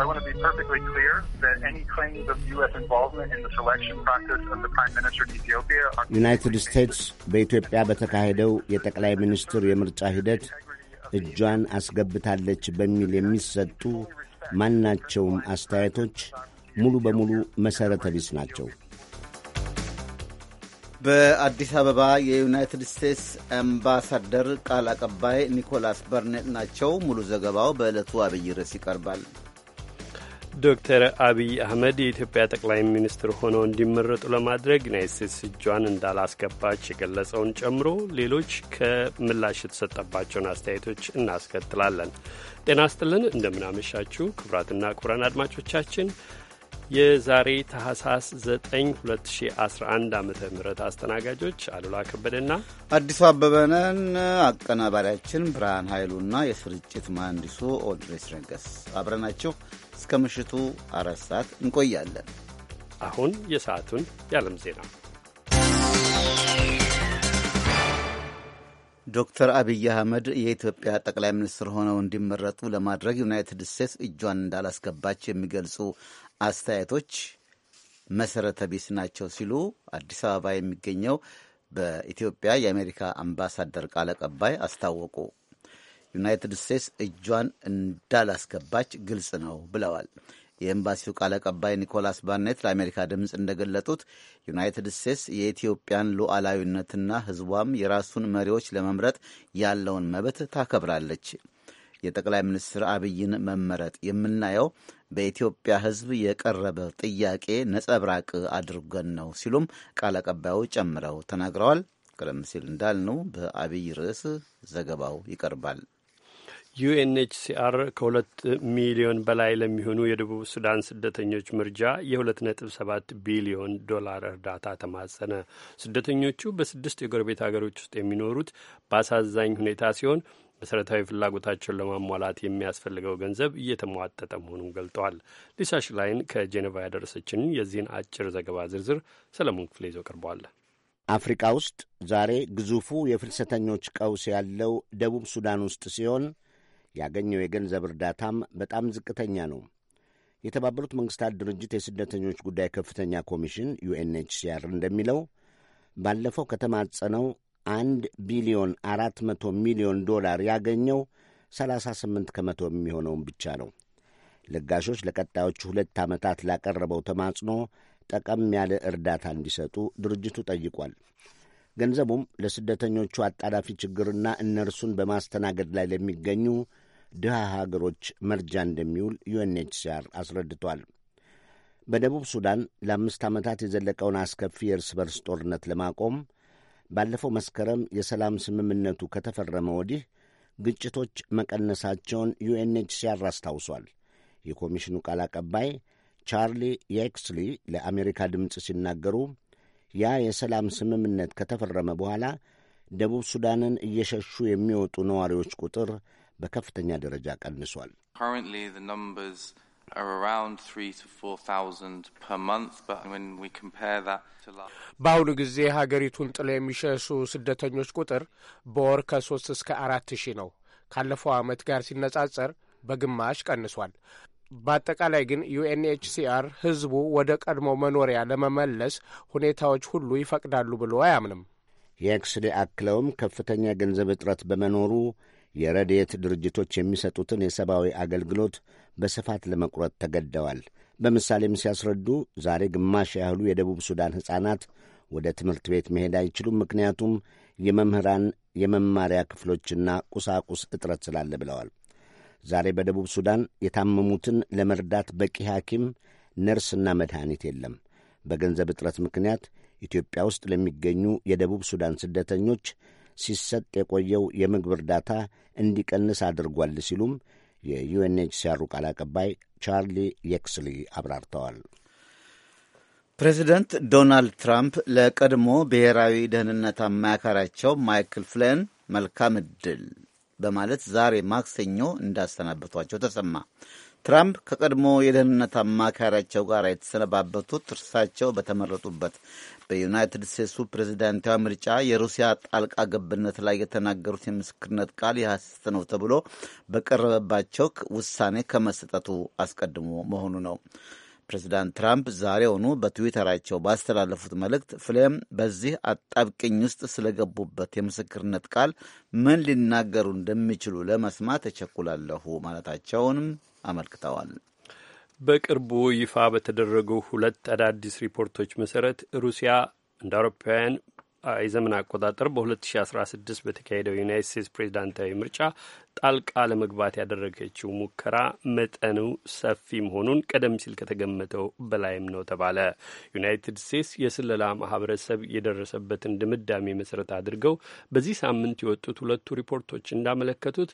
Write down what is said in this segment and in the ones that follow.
I want to be perfectly clear that any claims of U.S. involvement in the selection process of the Prime Minister of Ethiopia are... ዩናይትድ ስቴትስ በኢትዮጵያ በተካሄደው የጠቅላይ ሚኒስትር የምርጫ ሂደት እጇን አስገብታለች በሚል የሚሰጡ ማናቸውም አስተያየቶች ሙሉ በሙሉ መሠረተ ቢስ ናቸው። በአዲስ አበባ የዩናይትድ ስቴትስ አምባሳደር ቃል አቀባይ ኒኮላስ በርኔት ናቸው። ሙሉ ዘገባው በዕለቱ አብይ ርዕስ ይቀርባል። ዶክተር አብይ አህመድ የኢትዮጵያ ጠቅላይ ሚኒስትር ሆነው እንዲመረጡ ለማድረግ ዩናይት ስቴትስ እጇን እንዳላስገባች የገለጸውን ጨምሮ ሌሎች ከምላሽ የተሰጠባቸውን አስተያየቶች እናስከትላለን። ጤና ስጥልን፣ እንደምናመሻችሁ ክቡራትና ክቡራን አድማጮቻችን የዛሬ ታህሳስ 9 2011 ዓ ም አስተናጋጆች አሉላ ከበደና አዲሱ አበበነን አቀናባሪያችን ብርሃን ኃይሉና የስርጭት መሐንዲሱ ኦድሬስ ረገስ አብረናችሁ እስከ ምሽቱ አራት ሰዓት እንቆያለን። አሁን የሰዓቱን የዓለም ዜና ዶክተር አብይ አህመድ የኢትዮጵያ ጠቅላይ ሚኒስትር ሆነው እንዲመረጡ ለማድረግ ዩናይትድ ስቴትስ እጇን እንዳላስገባች የሚገልጹ አስተያየቶች መሰረተ ቢስ ናቸው ሲሉ አዲስ አበባ የሚገኘው በኢትዮጵያ የአሜሪካ አምባሳደር ቃል አቀባይ አስታወቁ። ዩናይትድ ስቴትስ እጇን እንዳላስገባች ግልጽ ነው ብለዋል። የኤምባሲው ቃል አቀባይ ኒኮላስ ባርኔት ለአሜሪካ ድምፅ እንደገለጡት ዩናይትድ ስቴትስ የኢትዮጵያን ሉዓላዊነትና ሕዝቧም የራሱን መሪዎች ለመምረጥ ያለውን መብት ታከብራለች። የጠቅላይ ሚኒስትር አብይን መመረጥ የምናየው በኢትዮጵያ ሕዝብ የቀረበ ጥያቄ ነጸብራቅ አድርገን ነው ሲሉም ቃል አቀባዩ ጨምረው ተናግረዋል። ቀደም ሲል እንዳልነው በአብይ ርዕስ ዘገባው ይቀርባል። ዩኤንኤችሲአር ከሁለት ሚሊዮን በላይ ለሚሆኑ የደቡብ ሱዳን ስደተኞች ምርጃ የሁለት ነጥብ ሰባት ቢሊዮን ዶላር እርዳታ ተማጸነ። ስደተኞቹ በስድስት የጎረቤት ሀገሮች ውስጥ የሚኖሩት በአሳዛኝ ሁኔታ ሲሆን መሠረታዊ ፍላጎታቸውን ለማሟላት የሚያስፈልገው ገንዘብ እየተሟጠጠ መሆኑን ገልጠዋል። ሊሳሽ ላይን ከጄኔቫ ያደረሰችን የዚህን አጭር ዘገባ ዝርዝር ሰለሞን ክፍሌ ይዞ ቀርቧል። አፍሪካ ውስጥ ዛሬ ግዙፉ የፍልሰተኞች ቀውስ ያለው ደቡብ ሱዳን ውስጥ ሲሆን ያገኘው የገንዘብ እርዳታም በጣም ዝቅተኛ ነው። የተባበሩት መንግስታት ድርጅት የስደተኞች ጉዳይ ከፍተኛ ኮሚሽን ዩኤንኤችሲአር እንደሚለው ባለፈው ከተማጸነው አንድ ቢሊዮን አራት መቶ ሚሊዮን ዶላር ያገኘው 38 ከመቶ የሚሆነውን ብቻ ነው። ለጋሾች ለቀጣዮቹ ሁለት ዓመታት ላቀረበው ተማጽኖ ጠቀም ያለ እርዳታ እንዲሰጡ ድርጅቱ ጠይቋል። ገንዘቡም ለስደተኞቹ አጣዳፊ ችግርና እነርሱን በማስተናገድ ላይ ለሚገኙ ድሃ ሀገሮች መርጃ እንደሚውል ዩኤንኤችሲአር አስረድቷል። በደቡብ ሱዳን ለአምስት ዓመታት የዘለቀውን አስከፊ የእርስ በርስ ጦርነት ለማቆም ባለፈው መስከረም የሰላም ስምምነቱ ከተፈረመ ወዲህ ግጭቶች መቀነሳቸውን ዩኤንኤችሲአር አስታውሷል። የኮሚሽኑ ቃል አቀባይ ቻርሊ የክስሊ ለአሜሪካ ድምፅ ሲናገሩ ያ የሰላም ስምምነት ከተፈረመ በኋላ ደቡብ ሱዳንን እየሸሹ የሚወጡ ነዋሪዎች ቁጥር በከፍተኛ ደረጃ ቀንሷል። በአሁኑ ጊዜ ሀገሪቱን ጥለው የሚሸሱ ስደተኞች ቁጥር በወር ከሶስት እስከ አራት ሺህ ነው። ካለፈው ዓመት ጋር ሲነጻጸር በግማሽ ቀንሷል። በአጠቃላይ ግን ዩኤንኤችሲአር ሕዝቡ ወደ ቀድሞ መኖሪያ ለመመለስ ሁኔታዎች ሁሉ ይፈቅዳሉ ብሎ አያምንም። የኤክስዴ አክለውም ከፍተኛ ገንዘብ እጥረት በመኖሩ የረድኤት ድርጅቶች የሚሰጡትን የሰብአዊ አገልግሎት በስፋት ለመቁረጥ ተገደዋል። በምሳሌም ሲያስረዱ ዛሬ ግማሽ ያህሉ የደቡብ ሱዳን ሕፃናት ወደ ትምህርት ቤት መሄድ አይችሉም፣ ምክንያቱም የመምህራን የመማሪያ ክፍሎችና ቁሳቁስ እጥረት ስላለ ብለዋል። ዛሬ በደቡብ ሱዳን የታመሙትን ለመርዳት በቂ ሐኪም፣ ነርስና መድኃኒት የለም። በገንዘብ እጥረት ምክንያት ኢትዮጵያ ውስጥ ለሚገኙ የደቡብ ሱዳን ስደተኞች ሲሰጥ የቆየው የምግብ እርዳታ እንዲቀንስ አድርጓል ሲሉም የዩኤንኤችሲያሩ ቃል አቀባይ ቻርሊ የክስሊ አብራርተዋል። ፕሬዚደንት ዶናልድ ትራምፕ ለቀድሞ ብሔራዊ ደህንነት አማካሪያቸው ማይክል ፍሌን መልካም ዕድል በማለት ዛሬ ማክሰኞ እንዳሰናበቷቸው ተሰማ። ትራምፕ ከቀድሞ የደህንነት አማካሪያቸው ጋር የተሰነባበቱት እርሳቸው በተመረጡበት በዩናይትድ ስቴትሱ ፕሬዚዳንታዊ ምርጫ የሩሲያ ጣልቃ ገብነት ላይ የተናገሩት የምስክርነት ቃል የሐሰት ነው ተብሎ በቀረበባቸው ውሳኔ ከመሰጠቱ አስቀድሞ መሆኑ ነው። ፕሬዚዳንት ትራምፕ ዛሬውኑ በትዊተራቸው ባስተላለፉት መልእክት ፍሌም በዚህ አጣብቅኝ ውስጥ ስለገቡበት የምስክርነት ቃል ምን ሊናገሩ እንደሚችሉ ለመስማት እቸኩላለሁ ማለታቸውንም አመልክተዋል። በቅርቡ ይፋ በተደረጉ ሁለት አዳዲስ ሪፖርቶች መሰረት ሩሲያ እንደ አውሮፓውያን የዘመን አቆጣጠር በ2016 በተካሄደው የዩናይት ስቴትስ ፕሬዚዳንታዊ ምርጫ ጣልቃ ለመግባት ያደረገችው ሙከራ መጠኑ ሰፊ መሆኑን ቀደም ሲል ከተገመተው በላይም ነው ተባለ። ዩናይትድ ስቴትስ የስለላ ማህበረሰብ የደረሰበትን ድምዳሜ መሰረት አድርገው በዚህ ሳምንት የወጡት ሁለቱ ሪፖርቶች እንዳመለከቱት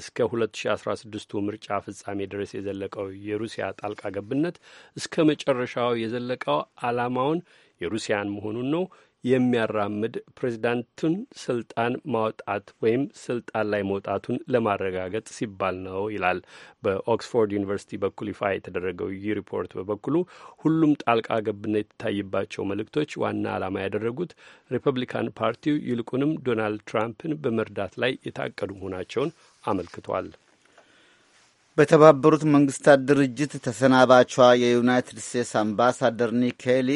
እስከ 2016ቱ ምርጫ ፍጻሜ ድረስ የዘለቀው የሩሲያ ጣልቃ ገብነት እስከ መጨረሻው የዘለቀው ዓላማውን የሩሲያን መሆኑን ነው የሚያራምድ ፕሬዚዳንቱን ስልጣን ማውጣት ወይም ስልጣን ላይ መውጣቱን ለማረጋገጥ ሲባል ነው ይላል። በኦክስፎርድ ዩኒቨርሲቲ በኩል ይፋ የተደረገው ይህ ሪፖርት በበኩሉ ሁሉም ጣልቃ ገብነት የታይባቸው መልእክቶች ዋና ዓላማ ያደረጉት ሪፐብሊካን ፓርቲው ይልቁንም ዶናልድ ትራምፕን በመርዳት ላይ የታቀዱ መሆናቸውን አመልክቷል። በተባበሩት መንግስታት ድርጅት ተሰናባቿ የዩናይትድ ስቴትስ አምባሳደር ኒክ ኬሊ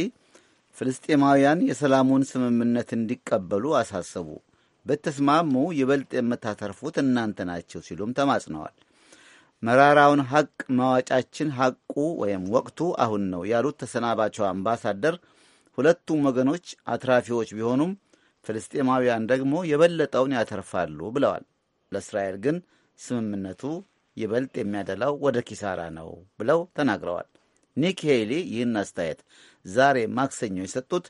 ፍልስጤማውያን የሰላሙን ስምምነት እንዲቀበሉ አሳሰቡ። በተስማሙ ይበልጥ የምታተርፉት እናንተ ናቸው ሲሉም ተማጽነዋል። መራራውን ሐቅ መዋጫችን ሐቁ ወይም ወቅቱ አሁን ነው ያሉት ተሰናባቸው አምባሳደር ሁለቱም ወገኖች አትራፊዎች ቢሆኑም ፍልስጤማውያን ደግሞ የበለጠውን ያተርፋሉ ብለዋል። ለእስራኤል ግን ስምምነቱ ይበልጥ የሚያደላው ወደ ኪሳራ ነው ብለው ተናግረዋል። ኒክ ሄይሊ ይህን አስተያየት ዛሬ ማክሰኞ የሰጡት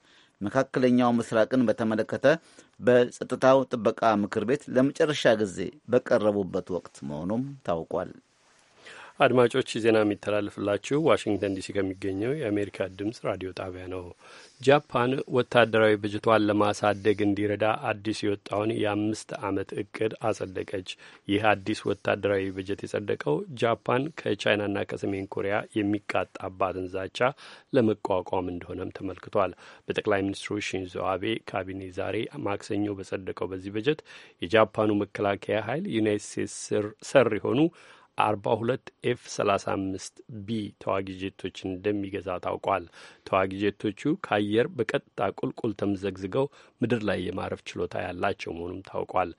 መካከለኛው ምስራቅን በተመለከተ በጸጥታው ጥበቃ ምክር ቤት ለመጨረሻ ጊዜ በቀረቡበት ወቅት መሆኑም ታውቋል። አድማጮች ዜና የሚተላለፍላችሁ ዋሽንግተን ዲሲ ከሚገኘው የአሜሪካ ድምጽ ራዲዮ ጣቢያ ነው። ጃፓን ወታደራዊ በጀቷን ለማሳደግ እንዲረዳ አዲስ የወጣውን የአምስት ዓመት እቅድ አጸደቀች። ይህ አዲስ ወታደራዊ በጀት የጸደቀው ጃፓን ከቻይናና ከሰሜን ኮሪያ የሚቃጣባትን ዛቻ ለመቋቋም እንደሆነም ተመልክቷል። በጠቅላይ ሚኒስትሩ ሺንዞ አቤ ካቢኔ ዛሬ ማክሰኞ በጸደቀው በዚህ በጀት የጃፓኑ መከላከያ ኃይል ዩናይት ስቴትስ ሰር የሆኑ አርባ ሁለት ኤፍ ሰላሳ አምስት ቢ ተዋጊ ጄቶችን እንደሚገዛ ታውቋል። ተዋጊ ጄቶቹ ከአየር በቀጥታ ቁልቁል ተምዘግዝገው ምድር ላይ የማረፍ ችሎታ ያላቸው መሆኑም ታውቋል።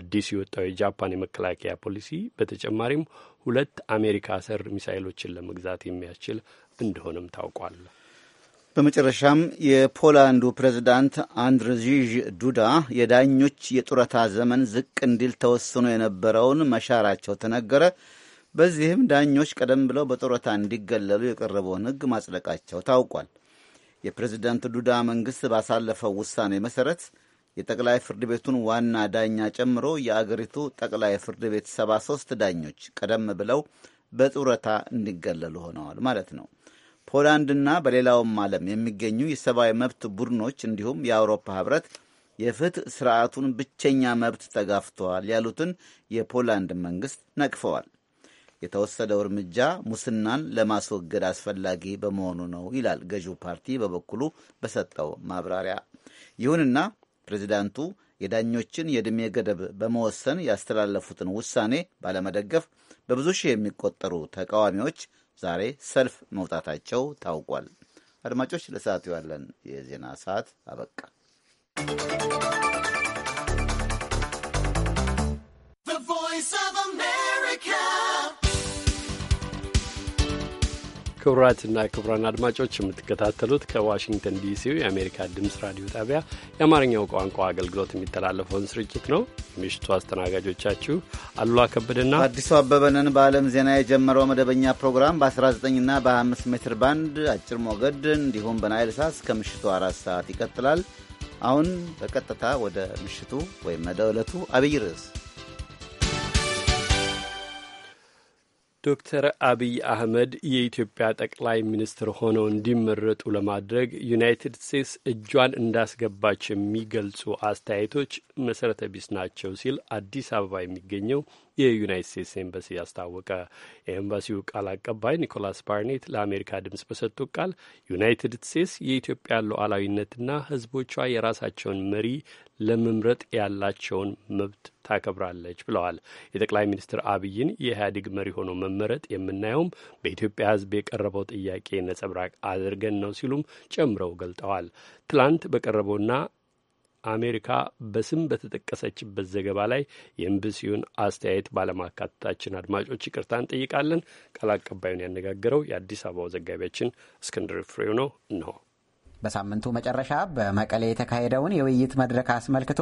አዲስ የወጣው የጃፓን የመከላከያ ፖሊሲ በተጨማሪም ሁለት አሜሪካ ሰር ሚሳይሎችን ለመግዛት የሚያስችል እንደሆነም ታውቋል። በመጨረሻም የፖላንዱ ፕሬዝዳንት አንድርዥ ዱዳ የዳኞች የጡረታ ዘመን ዝቅ እንዲል ተወስኖ የነበረውን መሻራቸው ተነገረ። በዚህም ዳኞች ቀደም ብለው በጡረታ እንዲገለሉ የቀረበውን ሕግ ማጽደቃቸው ታውቋል። የፕሬዝደንት ዱዳ መንግስት ባሳለፈው ውሳኔ መሰረት የጠቅላይ ፍርድ ቤቱን ዋና ዳኛ ጨምሮ የአገሪቱ ጠቅላይ ፍርድ ቤት 73 ዳኞች ቀደም ብለው በጡረታ እንዲገለሉ ሆነዋል ማለት ነው። ፖላንድና በሌላውም ዓለም የሚገኙ የሰብአዊ መብት ቡድኖች እንዲሁም የአውሮፓ ህብረት የፍትህ ስርዓቱን ብቸኛ መብት ተጋፍተዋል ያሉትን የፖላንድ መንግስት ነቅፈዋል። የተወሰደው እርምጃ ሙስናን ለማስወገድ አስፈላጊ በመሆኑ ነው ይላል ገዢው ፓርቲ በበኩሉ በሰጠው ማብራሪያ። ይሁንና ፕሬዚዳንቱ የዳኞችን የዕድሜ ገደብ በመወሰን ያስተላለፉትን ውሳኔ ባለመደገፍ በብዙ ሺህ የሚቆጠሩ ተቃዋሚዎች ዛሬ ሰልፍ መውጣታቸው ታውቋል። አድማጮች፣ ለሰዓቱ ያለን የዜና ሰዓት አበቃ። ክቡራትና ክቡራን አድማጮች የምትከታተሉት ከዋሽንግተን ዲሲው የአሜሪካ ድምፅ ራዲዮ ጣቢያ የአማርኛው ቋንቋ አገልግሎት የሚተላለፈውን ስርጭት ነው። የምሽቱ አስተናጋጆቻችሁ አሉላ ከበደና አዲሱ አበበንን በዓለም ዜና የጀመረው መደበኛ ፕሮግራም በ19ና በ25 ሜትር ባንድ አጭር ሞገድ እንዲሁም በናይል ሳት እስከ ምሽቱ አራት ሰዓት ይቀጥላል። አሁን በቀጥታ ወደ ምሽቱ ወይም ወደ ዕለቱ አብይ ርዕስ ዶክተር አብይ አህመድ የኢትዮጵያ ጠቅላይ ሚኒስትር ሆነው እንዲመረጡ ለማድረግ ዩናይትድ ስቴትስ እጇን እንዳስገባች የሚገልጹ አስተያየቶች መሰረተ ቢስ ናቸው ሲል አዲስ አበባ የሚገኘው የዩናይት ስቴትስ ኤምባሲ አስታወቀ። የኤምባሲው ቃል አቀባይ ኒኮላስ ባርኔት ለአሜሪካ ድምጽ በሰጡ ቃል ዩናይትድ ስቴትስ የኢትዮጵያ ሉዓላዊነትና ሕዝቦቿ የራሳቸውን መሪ ለመምረጥ ያላቸውን መብት ታከብራለች ብለዋል። የጠቅላይ ሚኒስትር አብይን የኢህአዴግ መሪ ሆኖ መመረጥ የምናየውም በኢትዮጵያ ሕዝብ የቀረበው ጥያቄ ነጸብራቅ አድርገን ነው ሲሉም ጨምረው ገልጠዋል። ትላንት በቀረበውና አሜሪካ በስም በተጠቀሰችበት ዘገባ ላይ የኤምባሲውን አስተያየት ባለማካተታችን አድማጮች ይቅርታ እንጠይቃለን። ቃል አቀባዩን ያነጋገረው የአዲስ አበባው ዘጋቢያችን እስክንድር ፍሬው ነው እንሆ በሳምንቱ መጨረሻ በመቀሌ የተካሄደውን የውይይት መድረክ አስመልክቶ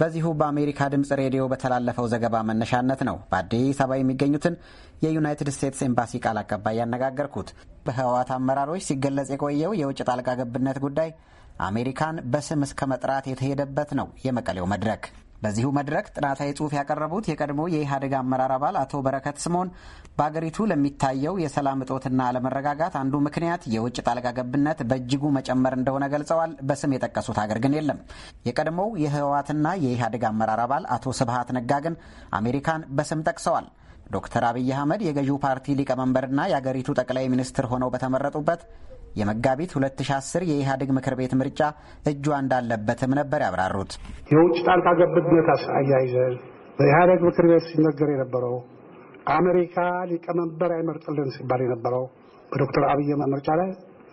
በዚሁ በአሜሪካ ድምፅ ሬዲዮ በተላለፈው ዘገባ መነሻነት ነው በአዲስ አበባ የሚገኙትን የዩናይትድ ስቴትስ ኤምባሲ ቃል አቀባይ ያነጋገርኩት። በህወሓት አመራሮች ሲገለጽ የቆየው የውጭ ጣልቃ ገብነት ጉዳይ አሜሪካን በስም እስከ መጥራት የተሄደበት ነው የመቀሌው መድረክ። በዚሁ መድረክ ጥናታዊ ጽሑፍ ያቀረቡት የቀድሞ የኢህአዴግ አመራር አባል አቶ በረከት ስምኦን በአገሪቱ ለሚታየው የሰላም እጦትና አለመረጋጋት አንዱ ምክንያት የውጭ ጣልቃ ገብነት በእጅጉ መጨመር እንደሆነ ገልጸዋል። በስም የጠቀሱት አገር ግን የለም። የቀድሞው የህወሓትና የኢህአዴግ አመራር አባል አቶ ስብሀት ነጋ ግን አሜሪካን በስም ጠቅሰዋል። ዶክተር አብይ አህመድ የገዢው ፓርቲ ሊቀመንበርና የአገሪቱ ጠቅላይ ሚኒስትር ሆነው በተመረጡበት የመጋቢት 2010 የኢህአዴግ ምክር ቤት ምርጫ እጇ እንዳለበትም ነበር ያብራሩት። የውጭ ጣልቃ ገብነት አያይዘን በኢህአዴግ ምክር ቤት ሲነገር የነበረው አሜሪካ ሊቀመንበር አይመርጥልን ሲባል የነበረው በዶክተር አብይ ምርጫ ላይ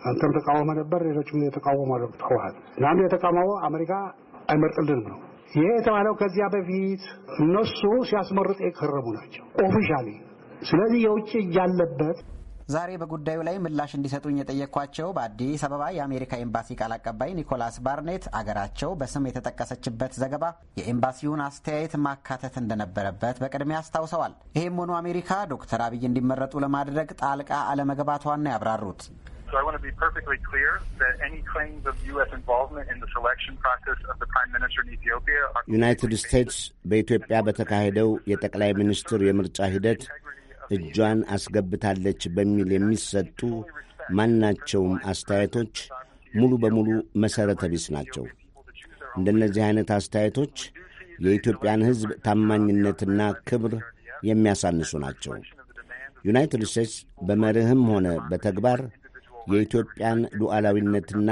አንተም ተቃወመ ነበር፣ ሌሎችም የተቃወሙ ተዋል እና አንዱ የተቃወመው አሜሪካ አይመርጥልንም ነው። ይሄ የተባለው ከዚያ በፊት እነሱ ሲያስመርጥ የከረሙ ናቸው ኦፊሻሊ። ስለዚህ የውጭ እጅ ዛሬ በጉዳዩ ላይ ምላሽ እንዲሰጡኝ የጠየቅኳቸው በአዲስ አበባ የአሜሪካ ኤምባሲ ቃል አቀባይ ኒኮላስ ባርኔት አገራቸው በስም የተጠቀሰችበት ዘገባ የኤምባሲውን አስተያየት ማካተት እንደነበረበት በቅድሚያ አስታውሰዋል። ይህም ሆኖ አሜሪካ ዶክተር አብይ እንዲመረጡ ለማድረግ ጣልቃ አለመግባቷን ነው ያብራሩት። So I want to be perfectly clear that any claims of U.S. involvement in the selection process of the Prime Minister in Ethiopia are United States በኢትዮጵያ በተካሄደው የጠቅላይ ሚኒስትር የምርጫ ሂደት እጇን አስገብታለች በሚል የሚሰጡ ማናቸውም አስተያየቶች ሙሉ በሙሉ መሠረተ ቢስ ናቸው። እንደነዚህ አይነት አስተያየቶች የኢትዮጵያን ሕዝብ ታማኝነትና ክብር የሚያሳንሱ ናቸው። ዩናይትድ ስቴትስ በመርህም ሆነ በተግባር የኢትዮጵያን ሉዓላዊነትና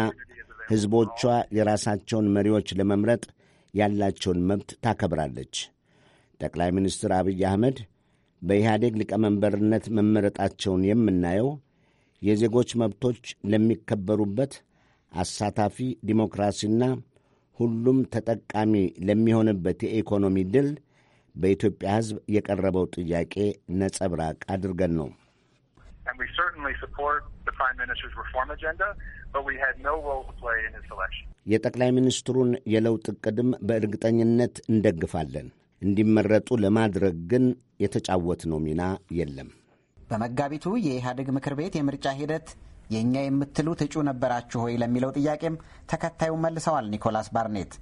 ሕዝቦቿ የራሳቸውን መሪዎች ለመምረጥ ያላቸውን መብት ታከብራለች። ጠቅላይ ሚኒስትር አብይ አህመድ በኢህአዴግ ሊቀመንበርነት መመረጣቸውን የምናየው የዜጎች መብቶች ለሚከበሩበት አሳታፊ ዲሞክራሲና ሁሉም ተጠቃሚ ለሚሆንበት የኢኮኖሚ ድል በኢትዮጵያ ሕዝብ የቀረበው ጥያቄ ነጸብራቅ አድርገን ነው። የጠቅላይ ሚኒስትሩን የለውጥ ቅድም በእርግጠኝነት እንደግፋለን። እንዲመረጡ ለማድረግ ግን የተጫወትነው ሚና የለም። በመጋቢቱ የኢህአዴግ ምክር ቤት የምርጫ ሂደት የእኛ የምትሉት እጩ ነበራችሁ ሆይ ለሚለው ጥያቄም ተከታዩን መልሰዋል ኒኮላስ ባርኔት።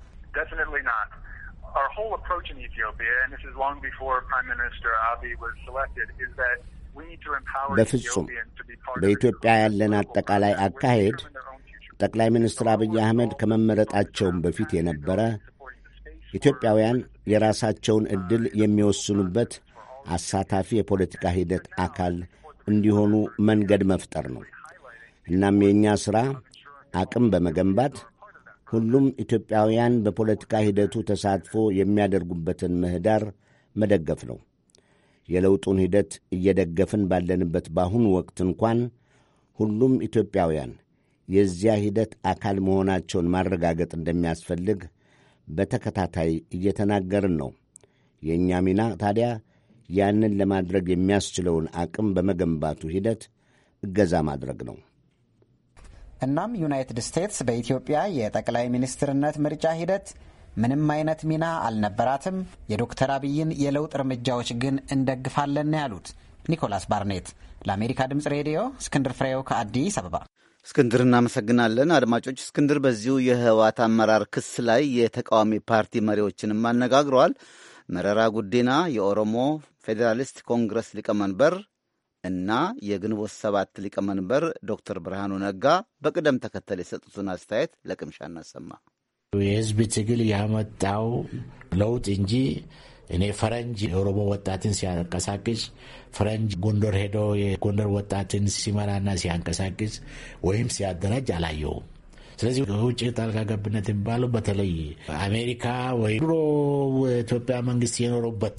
በፍጹም በኢትዮጵያ ያለን አጠቃላይ አካሄድ ጠቅላይ ሚኒስትር አብይ አህመድ ከመመረጣቸውም በፊት የነበረ ኢትዮጵያውያን የራሳቸውን ዕድል የሚወስኑበት አሳታፊ የፖለቲካ ሂደት አካል እንዲሆኑ መንገድ መፍጠር ነው። እናም የእኛ ሥራ አቅም በመገንባት ሁሉም ኢትዮጵያውያን በፖለቲካ ሂደቱ ተሳትፎ የሚያደርጉበትን ምህዳር መደገፍ ነው። የለውጡን ሂደት እየደገፍን ባለንበት በአሁኑ ወቅት እንኳን ሁሉም ኢትዮጵያውያን የዚያ ሂደት አካል መሆናቸውን ማረጋገጥ እንደሚያስፈልግ በተከታታይ እየተናገርን ነው። የእኛ ሚና ታዲያ ያንን ለማድረግ የሚያስችለውን አቅም በመገንባቱ ሂደት እገዛ ማድረግ ነው። እናም ዩናይትድ ስቴትስ በኢትዮጵያ የጠቅላይ ሚኒስትርነት ምርጫ ሂደት ምንም አይነት ሚና አልነበራትም፣ የዶክተር አብይን የለውጥ እርምጃዎች ግን እንደግፋለን ያሉት ኒኮላስ ባርኔት ለአሜሪካ ድምፅ ሬዲዮ እስክንድር ፍሬው ከአዲስ አበባ እስክንድር እናመሰግናለን። አድማጮች፣ እስክንድር በዚሁ የህወሓት አመራር ክስ ላይ የተቃዋሚ ፓርቲ መሪዎችንም አነጋግረዋል። መረራ ጉዲና የኦሮሞ ፌዴራሊስት ኮንግረስ ሊቀመንበር እና የግንቦት ሰባት ሊቀመንበር ዶክተር ብርሃኑ ነጋ በቅደም ተከተል የሰጡትን አስተያየት ለቅምሻ እናሰማ። የህዝብ ትግል ያመጣው ለውጥ እንጂ እኔ ፈረንጅ የኦሮሞ ወጣትን ሲያንቀሳቅስ ፈረንጅ ጎንደር ሄዶ የጎንደር ወጣትን ሲመራና ሲያንቀሳቅስ ወይም ሲያደራጅ አላየውም። ስለዚህ ውጭ ጣልቃ ገብነት የሚባለው በተለይ አሜሪካ ወይ ድሮ ኢትዮጵያ መንግስት የኖሩበት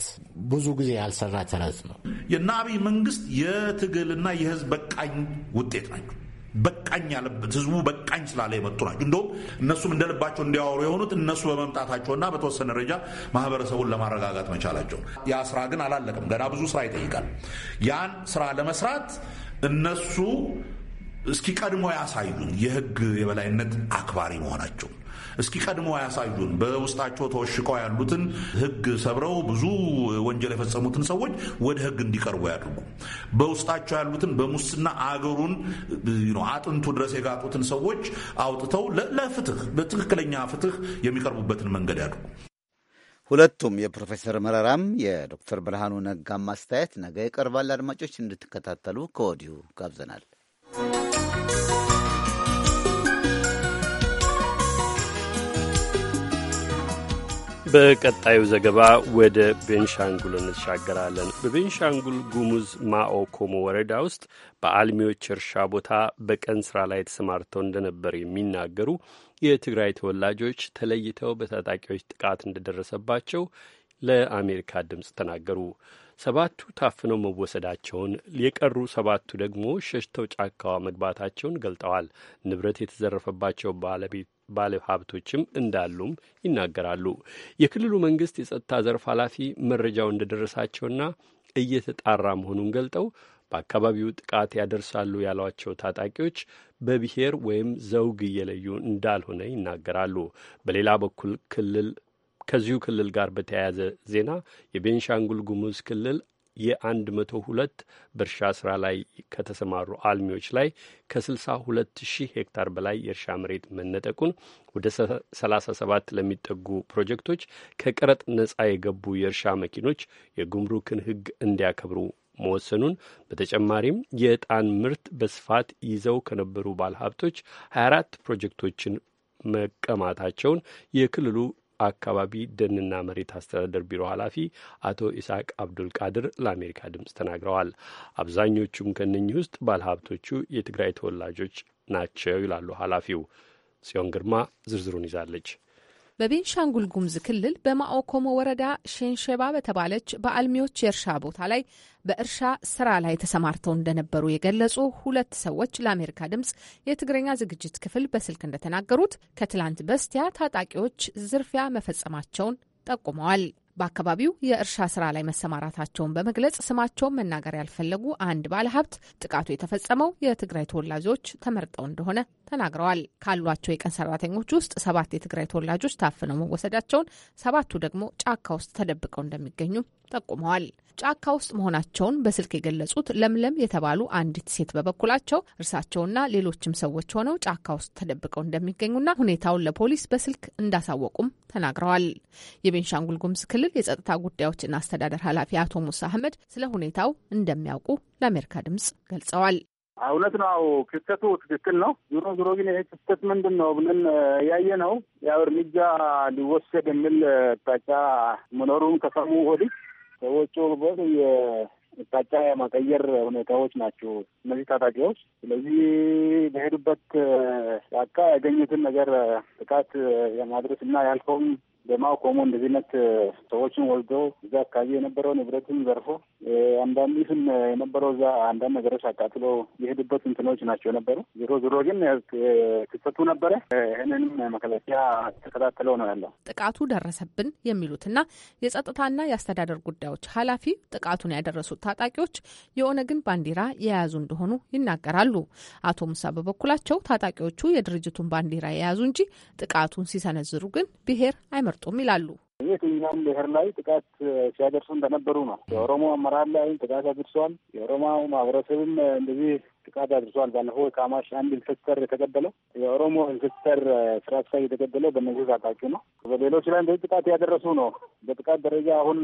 ብዙ ጊዜ ያልሰራ ተረት ነው። የአብይ መንግስት የትግልና የህዝብ በቃኝ ውጤት ናቸው። በቃኝ ያለበት ህዝቡ በቃኝ ስላለ የመጡ ናቸው። እንደውም እነሱም እንደልባቸው እንዲያወሩ የሆኑት እነሱ በመምጣታቸውና በተወሰነ ደረጃ ማህበረሰቡን ለማረጋጋት መቻላቸው። ያ ስራ ግን አላለቀም። ገና ብዙ ስራ ይጠይቃል። ያን ስራ ለመስራት እነሱ እስኪ ቀድሞ ያሳዩን የህግ የበላይነት አክባሪ መሆናቸው እስኪ ቀድሞ አያሳዩን በውስጣቸው ተወሽቀው ያሉትን ህግ ሰብረው ብዙ ወንጀል የፈጸሙትን ሰዎች ወደ ህግ እንዲቀርቡ ያድርጉ። በውስጣቸው ያሉትን በሙስና አገሩን አጥንቱ ድረስ የጋጡትን ሰዎች አውጥተው ለፍትህ በትክክለኛ ፍትህ የሚቀርቡበትን መንገድ ያድርጉ። ሁለቱም የፕሮፌሰር መረራም የዶክተር ብርሃኑ ነጋም ማስተያየት ነገ ይቀርባል። አድማጮች እንድትከታተሉ ከወዲሁ ጋብዘናል። በቀጣዩ ዘገባ ወደ ቤንሻንጉል እንሻገራለን። በቤንሻንጉል ጉሙዝ ማኦ ኮሞ ወረዳ ውስጥ በአልሚዎች እርሻ ቦታ በቀን ስራ ላይ ተሰማርተው እንደነበር የሚናገሩ የትግራይ ተወላጆች ተለይተው በታጣቂዎች ጥቃት እንደደረሰባቸው ለአሜሪካ ድምፅ ተናገሩ። ሰባቱ ታፍነው መወሰዳቸውን የቀሩ ሰባቱ ደግሞ ሸሽተው ጫካዋ መግባታቸውን ገልጠዋል። ንብረት የተዘረፈባቸው ባለቤት ባለ ሀብቶችም እንዳሉም ይናገራሉ። የክልሉ መንግስት የጸጥታ ዘርፍ ኃላፊ መረጃው እንደደረሳቸውና እየተጣራ መሆኑን ገልጠው በአካባቢው ጥቃት ያደርሳሉ ያሏቸው ታጣቂዎች በብሔር ወይም ዘውግ እየለዩ እንዳልሆነ ይናገራሉ። በሌላ በኩል ክልል ከዚሁ ክልል ጋር በተያያዘ ዜና የቤንሻንጉል ጉሙዝ ክልል የ102 በእርሻ ስራ ላይ ከተሰማሩ አልሚዎች ላይ ከ62 ሺህ ሄክታር በላይ የእርሻ መሬት መነጠቁን ወደ 37 ለሚጠጉ ፕሮጀክቶች ከቀረጥ ነጻ የገቡ የእርሻ መኪኖች የጉምሩክን ሕግ እንዲያከብሩ መወሰኑን በተጨማሪም የዕጣን ምርት በስፋት ይዘው ከነበሩ ባለሀብቶች 24 ፕሮጀክቶችን መቀማታቸውን የክልሉ አካባቢ ደንና መሬት አስተዳደር ቢሮ ኃላፊ አቶ ኢስሐቅ አብዱል ቃድር ለአሜሪካ ድምፅ ተናግረዋል። አብዛኞቹም ከነኚህ ውስጥ ባለሀብቶቹ የትግራይ ተወላጆች ናቸው ይላሉ ኃላፊው። ጽዮን ግርማ ዝርዝሩን ይዛለች። በቤንሻንጉል ጉሙዝ ክልል በማኦኮሞ ወረዳ ሼንሸባ በተባለች በአልሚዎች የእርሻ ቦታ ላይ በእርሻ ስራ ላይ ተሰማርተው እንደነበሩ የገለጹ ሁለት ሰዎች ለአሜሪካ ድምጽ የትግረኛ ዝግጅት ክፍል በስልክ እንደተናገሩት ከትላንት በስቲያ ታጣቂዎች ዝርፊያ መፈጸማቸውን ጠቁመዋል። በአካባቢው የእርሻ ስራ ላይ መሰማራታቸውን በመግለጽ ስማቸውን መናገር ያልፈለጉ አንድ ባለሀብት ጥቃቱ የተፈጸመው የትግራይ ተወላጆች ተመርጠው እንደሆነ ተናግረዋል። ካሏቸው የቀን ሰራተኞች ውስጥ ሰባት የትግራይ ተወላጆች ታፍነው መወሰዳቸውን፣ ሰባቱ ደግሞ ጫካ ውስጥ ተደብቀው እንደሚገኙ ጠቁመዋል። ጫካ ውስጥ መሆናቸውን በስልክ የገለጹት ለምለም የተባሉ አንዲት ሴት በበኩላቸው እርሳቸውና ሌሎችም ሰዎች ሆነው ጫካ ውስጥ ተደብቀው እንደሚገኙና ሁኔታውን ለፖሊስ በስልክ እንዳሳወቁም ተናግረዋል። የቤንሻንጉል ጉሙዝ ክልል የጸጥታ ጉዳዮችና አስተዳደር ኃላፊ አቶ ሙሳ አህመድ ስለ ሁኔታው እንደሚያውቁ ለአሜሪካ ድምጽ ገልጸዋል። እውነት ነው። ክስተቱ ትክክል ነው። ዞሮ ዞሮ ግን ይሄ ክስተት ምንድን ነው ብለን ያየ ነው ያው እርምጃ ሊወሰድ የሚል አቅጣጫ መኖሩን ከሰሙ ወዲህ ሰዎቹ ሁበት የአቅጣጫ የማቀየር ሁኔታዎች ናቸው እነዚህ ታጣቂዎች። ስለዚህ በሄዱበት ጫካ ያገኙትን ነገር ጥቃት የማድረስ እና ያልከውም ደማ ቆሞ ሰዎችን ወስዶ እዛ አካባቢ የነበረው ንብረትን ዘርፎ አንዳንዲህም የነበረው እዛ አንዳንድ ነገሮች አቃጥሎ የሄዱበት እንትኖች ናቸው የነበሩ። ዞሮ ዞሮ ግን ክስተቱ ነበረ። ይህንንም መከላከያ ተከታተለው ነው ያለው። ጥቃቱ ደረሰብን የሚሉትና የጸጥታና የአስተዳደር ጉዳዮች ኃላፊ ጥቃቱን ያደረሱት ታጣቂዎች የኦነግን ባንዲራ የያዙ እንደሆኑ ይናገራሉ። አቶ ሙሳ በበኩላቸው ታጣቂዎቹ የድርጅቱን ባንዲራ የያዙ እንጂ ጥቃቱን ሲሰነዝሩ ግን ብሔር አይመ አልመርጡም ይላሉ። የትኛውም ብሔር ላይ ጥቃት ሲያደርሱ እንደነበሩ ነው። የኦሮሞ አመራር ላይ ጥቃት አድርሷል። የኦሮሞ ማህበረሰብም እንደዚህ ጥቃት አድርሷል። ባለፈው ካማሽ አንድ ኢንስፔክተር የተገደለው የኦሮሞ ኢንስፔክተር ስራ አስፋይ የተገደለው በእነዚህ ታጣቂ ነው። በሌሎች ላይ እንደዚህ ጥቃት ያደረሱ ነው። በጥቃት ደረጃ አሁን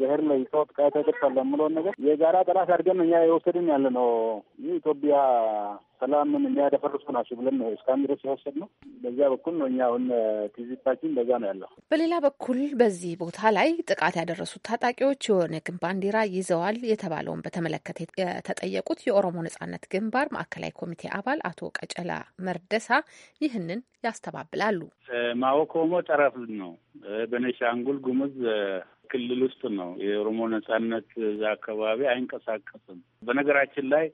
ብሔር ላይ ሰው ጥቃት ያደርሳል የምለውን ነገር የጋራ ጠላት አድርገን እኛ የወሰድን ያለ ነው። ይህ ኢትዮጵያ ሰላምን የሚያደፈርሱ ናቸው ብለን ነው እስካሁን ድረስ የወሰድ ነው። በዚያ በኩል ነው እኛ አሁን ትዝታችን በዛ ነው ያለው። በሌላ በኩል በዚህ ቦታ ላይ ጥቃት ያደረሱት ታጣቂዎች የኦነግን ባንዲራ ይዘዋል የተባለውን በተመለከተ የተጠየቁት የኦሮሞ ነጻነት ግንባር ማዕከላዊ ኮሚቴ አባል አቶ ቀጨላ መርደሳ ይህንን ያስተባብላሉ። ማወኮሞ ጠረፍ ነው በነሻንጉል ጉሙዝ ክልል ውስጥ ነው የኦሮሞ ነጻነት እዛ አካባቢ አይንቀሳቀስም። በነገራችን ላይ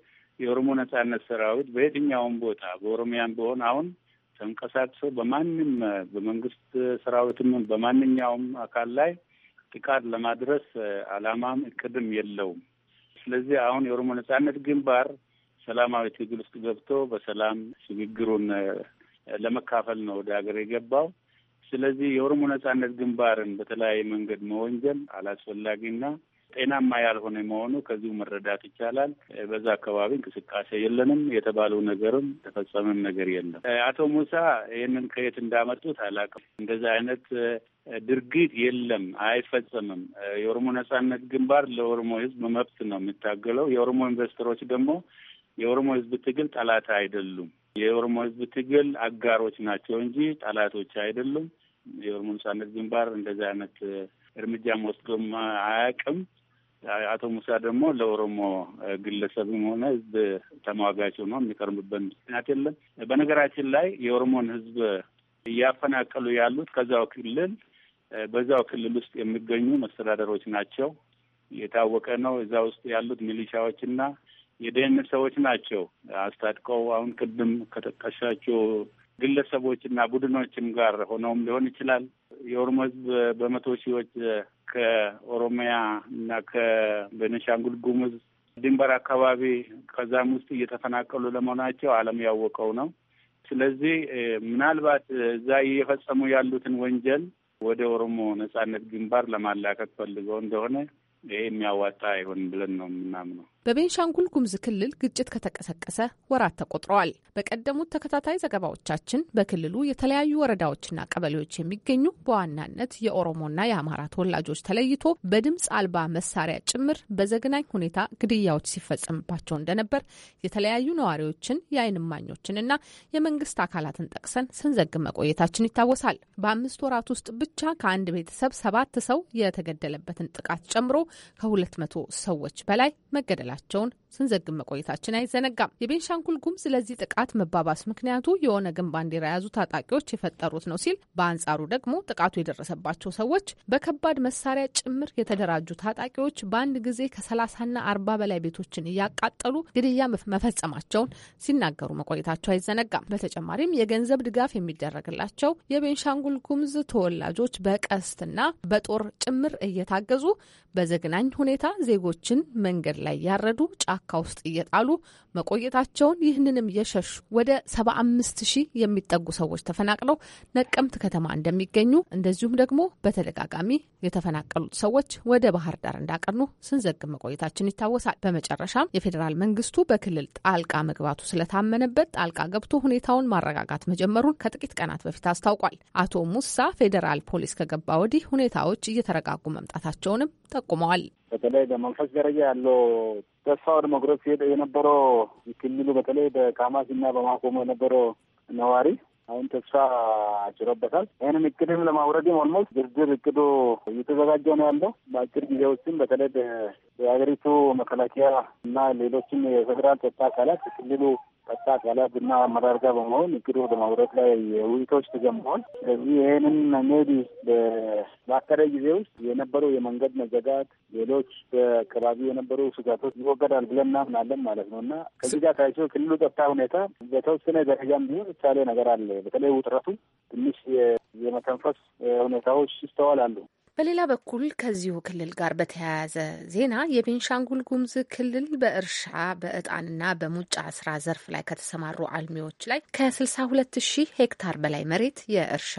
የኦሮሞ ነጻነት ሰራዊት በየትኛውም ቦታ በኦሮሚያን በሆን አሁን ተንቀሳቅሶ በማንም በመንግስት ሰራዊትም በማንኛውም አካል ላይ ጥቃት ለማድረስ አላማም እቅድም የለውም። ስለዚህ አሁን የኦሮሞ ነጻነት ግንባር ሰላማዊ ትግል ውስጥ ገብቶ በሰላም ሽግግሩን ለመካፈል ነው ወደ ሀገር የገባው። ስለዚህ የኦሮሞ ነጻነት ግንባርን በተለያየ መንገድ መወንጀል አላስፈላጊና ጤናማ ያልሆነ መሆኑ ከዚሁ መረዳት ይቻላል። በዛ አካባቢ እንቅስቃሴ የለንም የተባለው ነገርም ተፈጸመም ነገር የለም። አቶ ሙሳ ይህንን ከየት እንዳመጡት አላውቅም። እንደዚህ አይነት ድርጊት የለም፣ አይፈጸምም። የኦሮሞ ነጻነት ግንባር ለኦሮሞ ህዝብ መብት ነው የሚታገለው። የኦሮሞ ኢንቨስተሮች ደግሞ የኦሮሞ ህዝብ ትግል ጠላት አይደሉም። የኦሮሞ ህዝብ ትግል አጋሮች ናቸው እንጂ ጠላቶች አይደሉም። የኦሮሞ ነጻነት ግንባር እንደዚህ አይነት እርምጃም ወስዶም አያውቅም። አቶ ሙሳ ደግሞ ለኦሮሞ ግለሰብም ሆነ ህዝብ ተሟጋች ሆኖ የሚቀርብበት ምክንያት የለም። በነገራችን ላይ የኦሮሞን ህዝብ እያፈናቀሉ ያሉት ከዛው ክልል በዛው ክልል ውስጥ የሚገኙ መስተዳደሮች ናቸው። የታወቀ ነው። እዛ ውስጥ ያሉት ሚሊሻዎችና የደህንነት ሰዎች ናቸው አስታጥቀው አሁን ቅድም ከጠቀሻቸው ግለሰቦችና ቡድኖችም ጋር ሆነውም ሊሆን ይችላል። የኦሮሞ ህዝብ በመቶ ሺዎች ከኦሮሚያ እና ከቤኒሻንጉል ጉሙዝ ድንበር አካባቢ ከዛም ውስጥ እየተፈናቀሉ ለመሆናቸው ዓለም ያወቀው ነው። ስለዚህ ምናልባት እዛ እየፈጸሙ ያሉትን ወንጀል ወደ ኦሮሞ ነጻነት ግንባር ለማላከት ፈልገው እንደሆነ ይሄ የሚያዋጣ አይሆንም ብለን ነው የምናምነው። በቤንሻንጉል ጉሙዝ ክልል ግጭት ከተቀሰቀሰ ወራት ተቆጥረዋል። በቀደሙት ተከታታይ ዘገባዎቻችን በክልሉ የተለያዩ ወረዳዎችና ቀበሌዎች የሚገኙ በዋናነት የኦሮሞና የአማራ ተወላጆች ተለይቶ በድምፅ አልባ መሳሪያ ጭምር በዘግናኝ ሁኔታ ግድያዎች ሲፈጸምባቸው እንደነበር የተለያዩ ነዋሪዎችን የዓይን እማኞችንና የመንግስት አካላትን ጠቅሰን ስንዘግብ መቆየታችን ይታወሳል። በአምስት ወራት ውስጥ ብቻ ከአንድ ቤተሰብ ሰባት ሰው የተገደለበትን ጥቃት ጨምሮ ከሁለት መቶ ሰዎች በላይ መገደላል መሆናቸውን ስንዘግብ መቆየታችን አይዘነጋም። የቤንሻንጉል ጉሙዝ ለዚህ ጥቃት መባባስ ምክንያቱ የኦነግን ባንዲራ የያዙ ታጣቂዎች የፈጠሩት ነው ሲል፣ በአንጻሩ ደግሞ ጥቃቱ የደረሰባቸው ሰዎች በከባድ መሳሪያ ጭምር የተደራጁ ታጣቂዎች በአንድ ጊዜ ከሰላሳና አርባ በላይ ቤቶችን እያቃጠሉ ግድያ መፈጸማቸውን ሲናገሩ መቆየታቸው አይዘነጋም። በተጨማሪም የገንዘብ ድጋፍ የሚደረግላቸው የቤንሻንጉል ጉሙዝ ተወላጆች በቀስትና በጦር ጭምር እየታገዙ በዘግናኝ ሁኔታ ዜጎችን መንገድ ላይ ያ እያረዱ ጫካ ውስጥ እየጣሉ መቆየታቸውን ይህንንም የሸሹ ወደ 75 ሺህ የሚጠጉ ሰዎች ተፈናቅለው ነቀምት ከተማ እንደሚገኙ እንደዚሁም ደግሞ በተደጋጋሚ የተፈናቀሉት ሰዎች ወደ ባህር ዳር እንዳቀኑ ስንዘግብ መቆየታችን ይታወሳል። በመጨረሻም የፌዴራል መንግስቱ በክልል ጣልቃ መግባቱ ስለታመነበት ጣልቃ ገብቶ ሁኔታውን ማረጋጋት መጀመሩን ከጥቂት ቀናት በፊት አስታውቋል። አቶ ሙሳ ፌዴራል ፖሊስ ከገባ ወዲህ ሁኔታዎች እየተረጋጉ መምጣታቸውንም ጠቁመዋል። በተለይ በመንፈስ ደረጃ ያለው ተስፋ ወደ መቁረጥ ሲሄድ የነበረው ክልሉ በተለይ በካማሽ እና በማቆሙ የነበረው ነዋሪ አሁን ተስፋ አጭሮበታል። ይህንን እቅድም ለማውረድም ኦልሞስት ድርድር እቅዱ እየተዘጋጀ ነው ያለው። በአጭር ጊዜ ውስጥም በተለይ የሀገሪቱ መከላከያ እና ሌሎችም የፌዴራል ጸጥታ አካላት ክልሉ ቀጥታ አካላት ቡና አመራር ጋር በመሆን እቅድ ወደ ማውረድ ላይ ውይይቶች ተጀምሯል። ስለዚህ ይህንን ሜቢ በአከረ ጊዜ ውስጥ የነበረው የመንገድ መዘጋት፣ ሌሎች በአካባቢ የነበሩ ስጋቶች ይወገዳል ብለን እናምናለን ማለት ነው እና ከዚህ ጋር ታይቶ ክልሉ ጸጥታ ሁኔታ በተወሰነ ደረጃም ቢሆን የተቻለ ነገር አለ። በተለይ ውጥረቱ ትንሽ የመተንፈስ ሁኔታዎች ይስተዋላሉ። በሌላ በኩል ከዚሁ ክልል ጋር በተያያዘ ዜና የቤንሻንጉል ጉምዝ ክልል በእርሻ በእጣንና በሙጫ ስራ ዘርፍ ላይ ከተሰማሩ አልሚዎች ላይ ከ62 ሺህ ሄክታር በላይ መሬት የእርሻ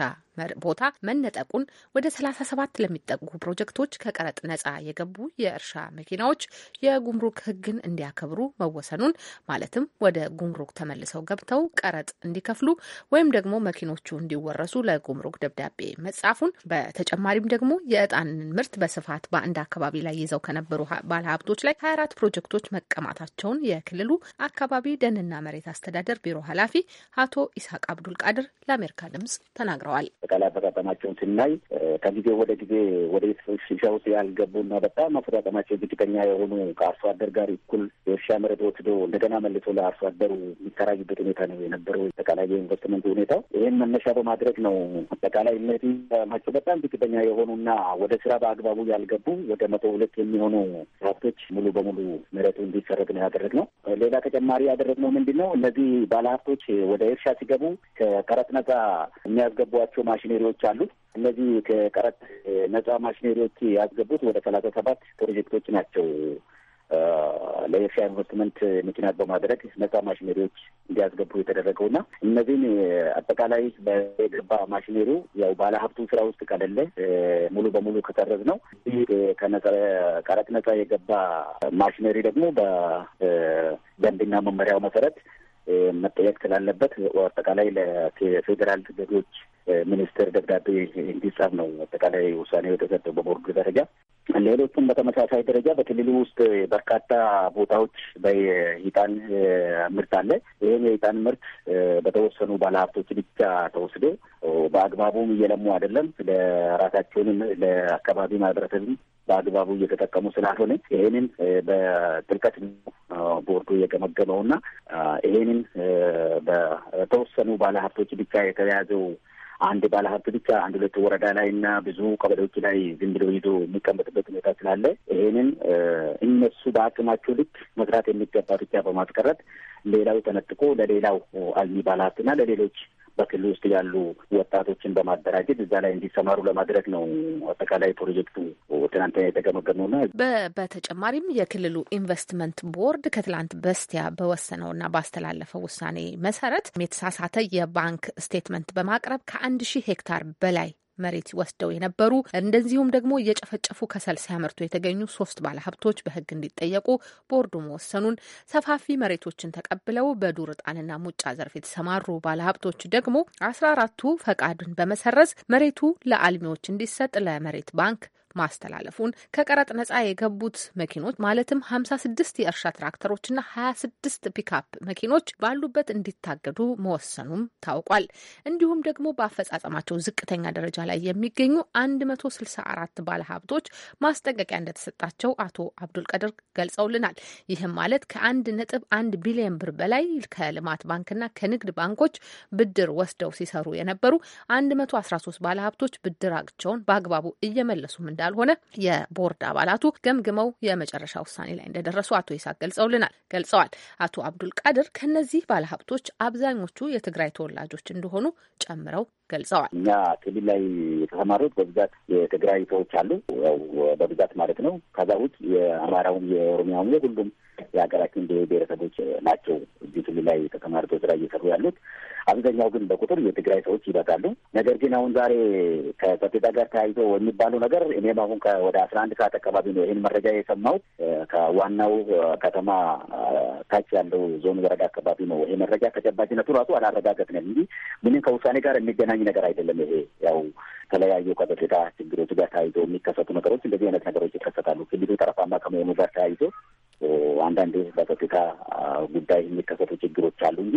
ቦታ መነጠቁን ወደ 37 ለሚጠጉ ፕሮጀክቶች ከቀረጥ ነጻ የገቡ የእርሻ መኪናዎች የጉምሩክ ሕግን እንዲያከብሩ መወሰኑን ማለትም ወደ ጉምሩክ ተመልሰው ገብተው ቀረጥ እንዲከፍሉ ወይም ደግሞ መኪኖቹ እንዲወረሱ ለጉምሩክ ደብዳቤ መጻፉን በተጨማሪም ደግሞ የእጣንን ምርት በስፋት በአንድ አካባቢ ላይ ይዘው ከነበሩ ባለሀብቶች ላይ 24 ፕሮጀክቶች መቀማታቸውን የክልሉ አካባቢ ደንና መሬት አስተዳደር ቢሮ ኃላፊ አቶ ኢስሐቅ አብዱል ቃድር ለአሜሪካ ድምጽ ተናግረዋል። አጠቃላይ አፈጣጠማቸውን ስናይ ከጊዜ ወደ ጊዜ ወደ እርሻ ውስጥ ያልገቡና በጣም አፈጣጠማቸው ዝቅተኛ የሆኑ ከአርሶ አደር ጋር እኩል የእርሻ መሬት ወስዶ እንደገና መልሶ ለአርሶ አደሩ የሚከራይበት ሁኔታ ነው የነበረው። አጠቃላይ የኢንቨስትመንት ሁኔታው ይህን መነሻ በማድረግ ነው። አጠቃላይ እነዚህ ማቸው በጣም ዝቅተኛ የሆኑና ወደ ስራ በአግባቡ ያልገቡ ወደ መቶ ሁለት የሚሆኑ ሀብቶች ሙሉ በሙሉ መሬቱ እንዲሰረግ ነው ያደረግነው። ሌላ ተጨማሪ ያደረግነው ምንድን ነው? እነዚህ ባለሀብቶች ወደ እርሻ ሲገቡ ከቀረጥ ነጻ የሚያስገቧቸው ማ ማሽኔሪዎች አሉት። እነዚህ ከቀረጥ ነጻ ማሽኔሪዎች ያስገቡት ወደ ሰላሳ ሰባት ፕሮጀክቶች ናቸው። ለኤርትራ ኢንቨስትመንት ምክንያት በማድረግ ነጻ ማሽኔሪዎች እንዲያስገቡ የተደረገውና እነዚህን አጠቃላይ በገባ ማሽኔሪው ያው ባለሀብቱ ስራ ውስጥ ከሌለ ሙሉ በሙሉ ከሰረዝ ነው። ከቀረጥ ነጻ የገባ ማሽኔሪ ደግሞ በደንብና መመሪያው መሰረት መጠየቅ ስላለበት አጠቃላይ ለፌዴራል ገቢዎች ሚኒስቴር ደብዳቤ እንዲጻፍ ነው አጠቃላይ ውሳኔው የተሰጠው በቦርድ ደረጃ። ሌሎቹም በተመሳሳይ ደረጃ በክልሉ ውስጥ በርካታ ቦታዎች በሂጣን ምርት አለ። ይህም የሂጣን ምርት በተወሰኑ ባለሀብቶች ብቻ ተወስዶ በአግባቡም እየለሙ አይደለም። ለራሳቸውንም ለአካባቢ ማህበረሰብም በአግባቡ እየተጠቀሙ ስላልሆነ ይሄንን በጥልቀት ቦርዱ እየገመገመው እና ይሄንን በተወሰኑ ባለሀብቶች ብቻ የተያዘው አንድ ባለሀብት ብቻ አንድ ሁለት ወረዳ ላይ እና ብዙ ቀበሌዎች ላይ ዝም ብሎ ይዞ የሚቀመጥበት ሁኔታ ስላለ ይሄንን እነሱ በአቅማቸው ልክ መስራት የሚገባ ብቻ በማስቀረት ሌላው ተነጥቆ ለሌላው አልሚ ባለሀብትና ለሌሎች በክልል ውስጥ ያሉ ወጣቶችን በማደራጀት እዛ ላይ እንዲሰማሩ ለማድረግ ነው አጠቃላይ ፕሮጀክቱ ትናንትና የተገመገመውና በተጨማሪም የክልሉ ኢንቨስትመንት ቦርድ ከትላንት በስቲያ በወሰነውና ባስተላለፈው ውሳኔ መሰረት የተሳሳተ የባንክ ስቴትመንት በማቅረብ ከአንድ ሺህ ሄክታር በላይ መሬት ወስደው የነበሩ እንደዚሁም ደግሞ እየጨፈጨፉ ከሰል ሲያመርቱ የተገኙ ሶስት ባለሀብቶች በህግ እንዲጠየቁ ቦርዱ መወሰኑን፣ ሰፋፊ መሬቶችን ተቀብለው በዱር እጣንና ሙጫ ዘርፍ የተሰማሩ ባለሀብቶች ደግሞ አስራ አራቱ ፈቃድን በመሰረዝ መሬቱ ለአልሚዎች እንዲሰጥ ለመሬት ባንክ ማስተላለፉን ከቀረጥ ነጻ የገቡት መኪኖች ማለትም 56 የእርሻ ትራክተሮችና 26 ፒካፕ መኪኖች ባሉበት እንዲታገዱ መወሰኑም ታውቋል። እንዲሁም ደግሞ በአፈጻጸማቸው ዝቅተኛ ደረጃ ላይ የሚገኙ 164 ባለሀብቶች ማስጠንቀቂያ እንደተሰጣቸው አቶ አብዱልቀድር ገልጸውልናል። ይህም ማለት ከአንድ ነጥብ አንድ ቢሊዮን ብር በላይ ከልማት ባንክና ከንግድ ባንኮች ብድር ወስደው ሲሰሩ የነበሩ 113 ባለሀብቶች ብድራቸውን በአግባቡ እየመለሱም እንዳሉ እንዳልሆነ የቦርድ አባላቱ ገምግመው የመጨረሻ ውሳኔ ላይ እንደደረሱ አቶ ይስሐቅ ገልጸውልናል ገልጸዋል። አቶ አብዱል ቃድር ከነዚህ ባለሀብቶች አብዛኞቹ የትግራይ ተወላጆች እንደሆኑ ጨምረው ገልጸዋል። እኛ ክልል ላይ የተሰማሩት በብዛት የትግራይ ሰዎች አሉ፣ ያው በብዛት ማለት ነው። ከዛ ውጭ የአማራውም የኦሮሚያውም የሁሉም የሀገራችን ብሔረሰቦች ናቸው እዚህ ክልል ላይ ተሰማርተው ስራ እየሰሩ ያሉት። አብዛኛው ግን በቁጥር የትግራይ ሰዎች ይበዛሉ። ነገር ግን አሁን ዛሬ ከጸጥታ ጋር ተያይዞ የሚባለው ነገር እኔም አሁን ወደ አስራ አንድ ሰዓት አካባቢ ነው ይህን መረጃ የሰማሁት። ከዋናው ከተማ ታች ያለው ዞን ወረዳ አካባቢ ነው ይሄ መረጃ። ተጨባጭነቱ ራሱ አላረጋገጥንም እንጂ ምንም ከውሳኔ ጋር የሚገናኝ አስተማማኝ ነገር አይደለም። ይሄ ያው ተለያዩ ከበሽታ ችግሮች ጋር ተያይዞ የሚከሰቱ ነገሮች እንደዚህ አይነት ነገሮች ይከሰታሉ። ክልሉ ጠረፋማ ከመሆኑ ጋር ተያይዞ አንዳንድ በጸጥታ ጉዳይ የሚከሰቱ ችግሮች አሉ እንጂ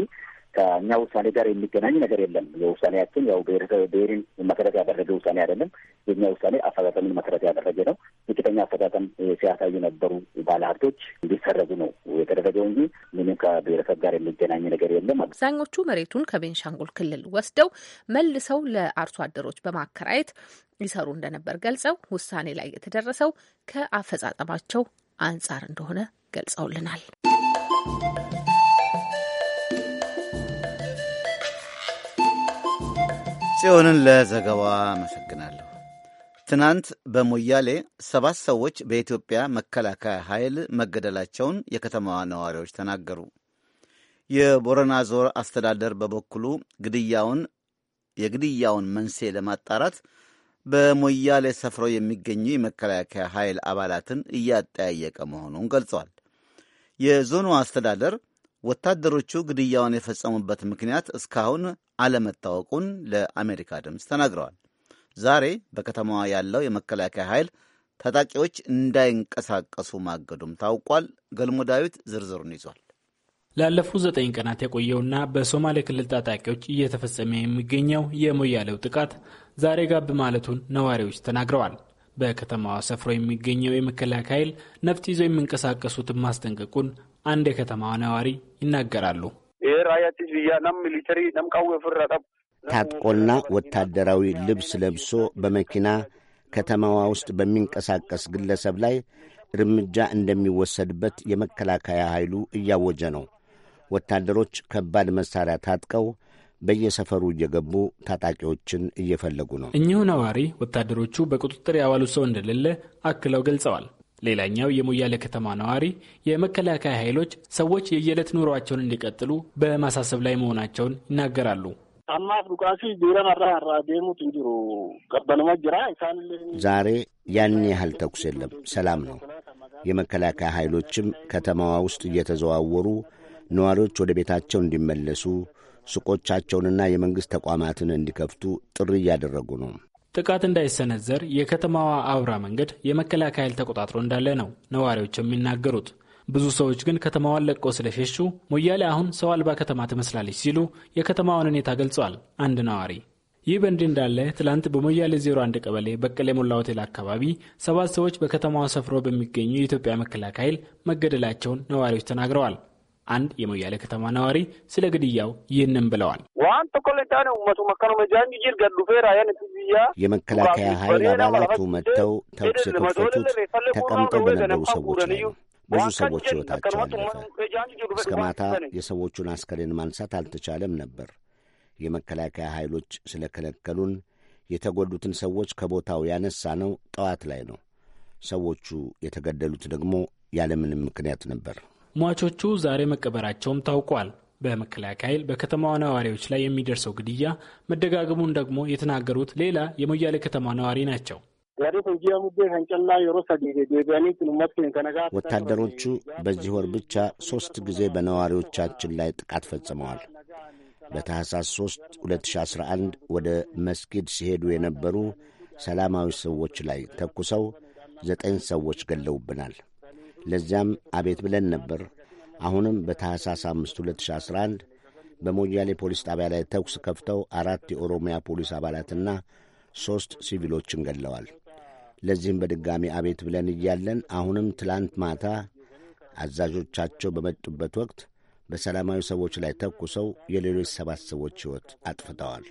ከእኛ ውሳኔ ጋር የሚገናኝ ነገር የለም። የውሳኔያችን ያው ብሔረሰብ ብሔርን መሰረት ያደረገ ውሳኔ አይደለም። የኛ ውሳኔ አፈጻጸምን መሰረት ያደረገ ነው። ዝቅተኛ አፈጻጸም ሲያሳዩ ነበሩ ባለሀብቶች እንዲሰረዙ ነው የተደረገው እንጂ ምንም ከብሔረሰብ ጋር የሚገናኝ ነገር የለም። አብዛኞቹ መሬቱን ከቤንሻንጉል ክልል ወስደው መልሰው ለአርሶ አደሮች በማከራየት ይሰሩ እንደነበር ገልጸው ውሳኔ ላይ የተደረሰው ከአፈጻጸማቸው አንጻር እንደሆነ ገልጸውልናል። ጽዮንን ለዘገባዋ አመሰግናለሁ። ትናንት በሞያሌ ሰባት ሰዎች በኢትዮጵያ መከላከያ ኃይል መገደላቸውን የከተማዋ ነዋሪዎች ተናገሩ። የቦረና ዞር አስተዳደር በበኩሉ ግድያውን የግድያውን መንስኤ ለማጣራት በሞያሌ ሰፍረው የሚገኙ የመከላከያ ኃይል አባላትን እያጠያየቀ መሆኑን ገልጿል። የዞኑ አስተዳደር ወታደሮቹ ግድያውን የፈጸሙበት ምክንያት እስካሁን አለመታወቁን ለአሜሪካ ድምፅ ተናግረዋል። ዛሬ በከተማዋ ያለው የመከላከያ ኃይል ታጣቂዎች እንዳይንቀሳቀሱ ማገዱም ታውቋል። ገልሞ ዳዊት ዝርዝሩን ይዟል። ላለፉት ዘጠኝ ቀናት የቆየውና በሶማሌ ክልል ታጣቂዎች እየተፈጸመ የሚገኘው የሞያሌው ጥቃት ዛሬ ጋብ ማለቱን ነዋሪዎች ተናግረዋል። በከተማዋ ሰፍሮ የሚገኘው የመከላከያ ኃይል ነፍጥ ይዘው የሚንቀሳቀሱትን ማስጠንቀቁን አንድ የከተማዋ ነዋሪ ይናገራሉ። raayyaattis biyyaa ታጥቆና ወታደራዊ ልብስ ለብሶ በመኪና ከተማዋ ውስጥ በሚንቀሳቀስ ግለሰብ ላይ እርምጃ እንደሚወሰድበት የመከላከያ ኃይሉ እያወጀ ነው። ወታደሮች ከባድ መሣሪያ ታጥቀው በየሰፈሩ እየገቡ ታጣቂዎችን እየፈለጉ ነው። እኚሁ ነዋሪ ወታደሮቹ በቁጥጥር ያዋሉ ሰው እንደሌለ አክለው ገልጸዋል። ሌላኛው የሞያሌ ከተማ ነዋሪ የመከላከያ ኃይሎች ሰዎች የየዕለት ኑሯቸውን እንዲቀጥሉ በማሳሰብ ላይ መሆናቸውን ይናገራሉ። ዛሬ ያን ያህል ተኩስ የለም፣ ሰላም ነው። የመከላከያ ኃይሎችም ከተማዋ ውስጥ እየተዘዋወሩ ነዋሪዎች ወደ ቤታቸው እንዲመለሱ ሱቆቻቸውንና የመንግሥት ተቋማትን እንዲከፍቱ ጥሪ እያደረጉ ነው። ጥቃት እንዳይሰነዘር የከተማዋ አውራ መንገድ የመከላከያ ኃይል ተቆጣጥሮ እንዳለ ነው ነዋሪዎች የሚናገሩት። ብዙ ሰዎች ግን ከተማዋን ለቀው ስለሸሹ ሞያሌ አሁን ሰው አልባ ከተማ ትመስላለች ሲሉ የከተማዋን ሁኔታ ገልጸዋል አንድ ነዋሪ። ይህ በእንዲህ እንዳለ ትላንት በሞያሌ 01 ቀበሌ በቀሌ ሞላ ሆቴል አካባቢ ሰባት ሰዎች በከተማዋ ሰፍሮ በሚገኙ የኢትዮጵያ መከላከያ ኃይል መገደላቸውን ነዋሪዎች ተናግረዋል። አንድ የሞያሌ ከተማ ነዋሪ ስለ ግድያው ይህንን ብለዋል። የመከላከያ ኃይል አባላቱ መጥተው ተኩስ የከፈቱት ተቀምጠው በነበሩ ሰዎች ላይ ነው። ብዙ ሰዎች ሕይወታቸው አለፈ። እስከ ማታ የሰዎቹን አስከሬን ማንሳት አልተቻለም ነበር። የመከላከያ ኃይሎች ስለከለከሉን የተጎዱትን ሰዎች ከቦታው ያነሳ ነው ጠዋት ላይ ነው። ሰዎቹ የተገደሉት ደግሞ ያለምንም ምክንያት ነበር። ሟቾቹ ዛሬ መቀበራቸውም ታውቋል። በመከላከያ ኃይል በከተማዋ ነዋሪዎች ላይ የሚደርሰው ግድያ መደጋገሙን ደግሞ የተናገሩት ሌላ የሞያሌ ከተማ ነዋሪ ናቸው። ወታደሮቹ በዚህ ወር ብቻ ሦስት ጊዜ በነዋሪዎቻችን ላይ ጥቃት ፈጽመዋል። በታህሳስ 3 2011 ወደ መስጊድ ሲሄዱ የነበሩ ሰላማዊ ሰዎች ላይ ተኩሰው ዘጠኝ ሰዎች ገለውብናል። ለዚያም አቤት ብለን ነበር። አሁንም በታህሳስ 5 2011 በሞያሌ ፖሊስ ጣቢያ ላይ ተኩስ ከፍተው አራት የኦሮሚያ ፖሊስ አባላትና ሦስት ሲቪሎችን ገለዋል። ለዚህም በድጋሚ አቤት ብለን እያለን አሁንም ትላንት ማታ አዛዦቻቸው በመጡበት ወቅት በሰላማዊ ሰዎች ላይ ተኩሰው የሌሎች ሰባት ሰዎች ሕይወት አጥፍተዋል።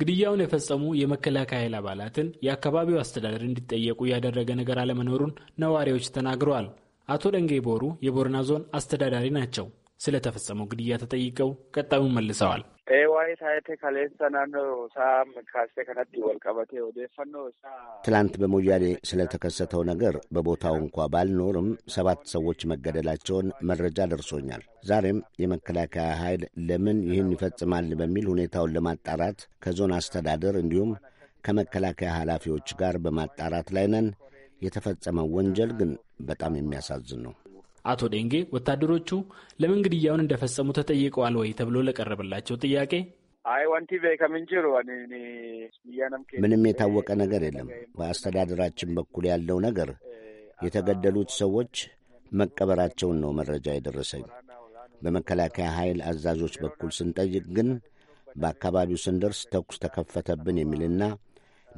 ግድያውን የፈጸሙ የመከላከያ ኃይል አባላትን የአካባቢው አስተዳደር እንዲጠየቁ ያደረገ ነገር አለመኖሩን ነዋሪዎች ተናግረዋል። አቶ ደንጌ ቦሩ የቦርና ዞን አስተዳዳሪ ናቸው። ስለተፈጸመው ግድያ ተጠይቀው ቀጣዩን መልሰዋል። waa'ee taatee kaleessa naannoo isaa kaasee kanatti wal qabatee odeeffannoo isaa ትላንት በሞያሌ ስለተከሰተው ነገር በቦታው እንኳ ባልኖርም ሰባት ሰዎች መገደላቸውን መረጃ ደርሶኛል። ዛሬም የመከላከያ ኃይል ለምን ይህን ይፈጽማል በሚል ሁኔታውን ለማጣራት ከዞን አስተዳደር እንዲሁም ከመከላከያ ኃላፊዎች ጋር በማጣራት ላይ ነን። የተፈጸመው ወንጀል ግን በጣም የሚያሳዝን ነው። አቶ ደንጌ ወታደሮቹ ለምን ግድያውን እንደፈጸሙ ተጠይቀዋል ወይ ተብሎ ለቀረበላቸው ጥያቄ አይ ምንም የታወቀ ነገር የለም። በአስተዳደራችን በኩል ያለው ነገር የተገደሉት ሰዎች መቀበራቸውን ነው መረጃ የደረሰኝ። በመከላከያ ኃይል አዛዦች በኩል ስንጠይቅ ግን በአካባቢው ስንደርስ ተኩስ ተከፈተብን የሚልና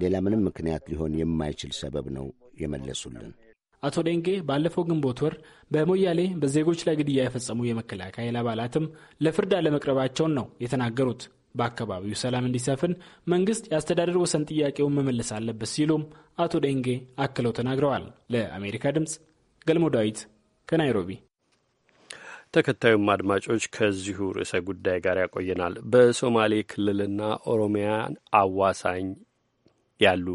ሌላ ምንም ምክንያት ሊሆን የማይችል ሰበብ ነው የመለሱልን። አቶ ደንጌ ባለፈው ግንቦት ወር በሞያሌ በዜጎች ላይ ግድያ የፈጸሙ የመከላከያ ኃይል አባላትም ለፍርድ አለመቅረባቸውን ነው የተናገሩት። በአካባቢው ሰላም እንዲሰፍን መንግስት የአስተዳደር ወሰን ጥያቄውን መመለስ አለበት ሲሉም አቶ ደንጌ አክለው ተናግረዋል። ለአሜሪካ ድምፅ ገልሞ ዳዊት ከናይሮቢ። ተከታዩም አድማጮች ከዚሁ ርዕሰ ጉዳይ ጋር ያቆየናል። በሶማሌ ክልልና ኦሮሚያን አዋሳኝ ያሉ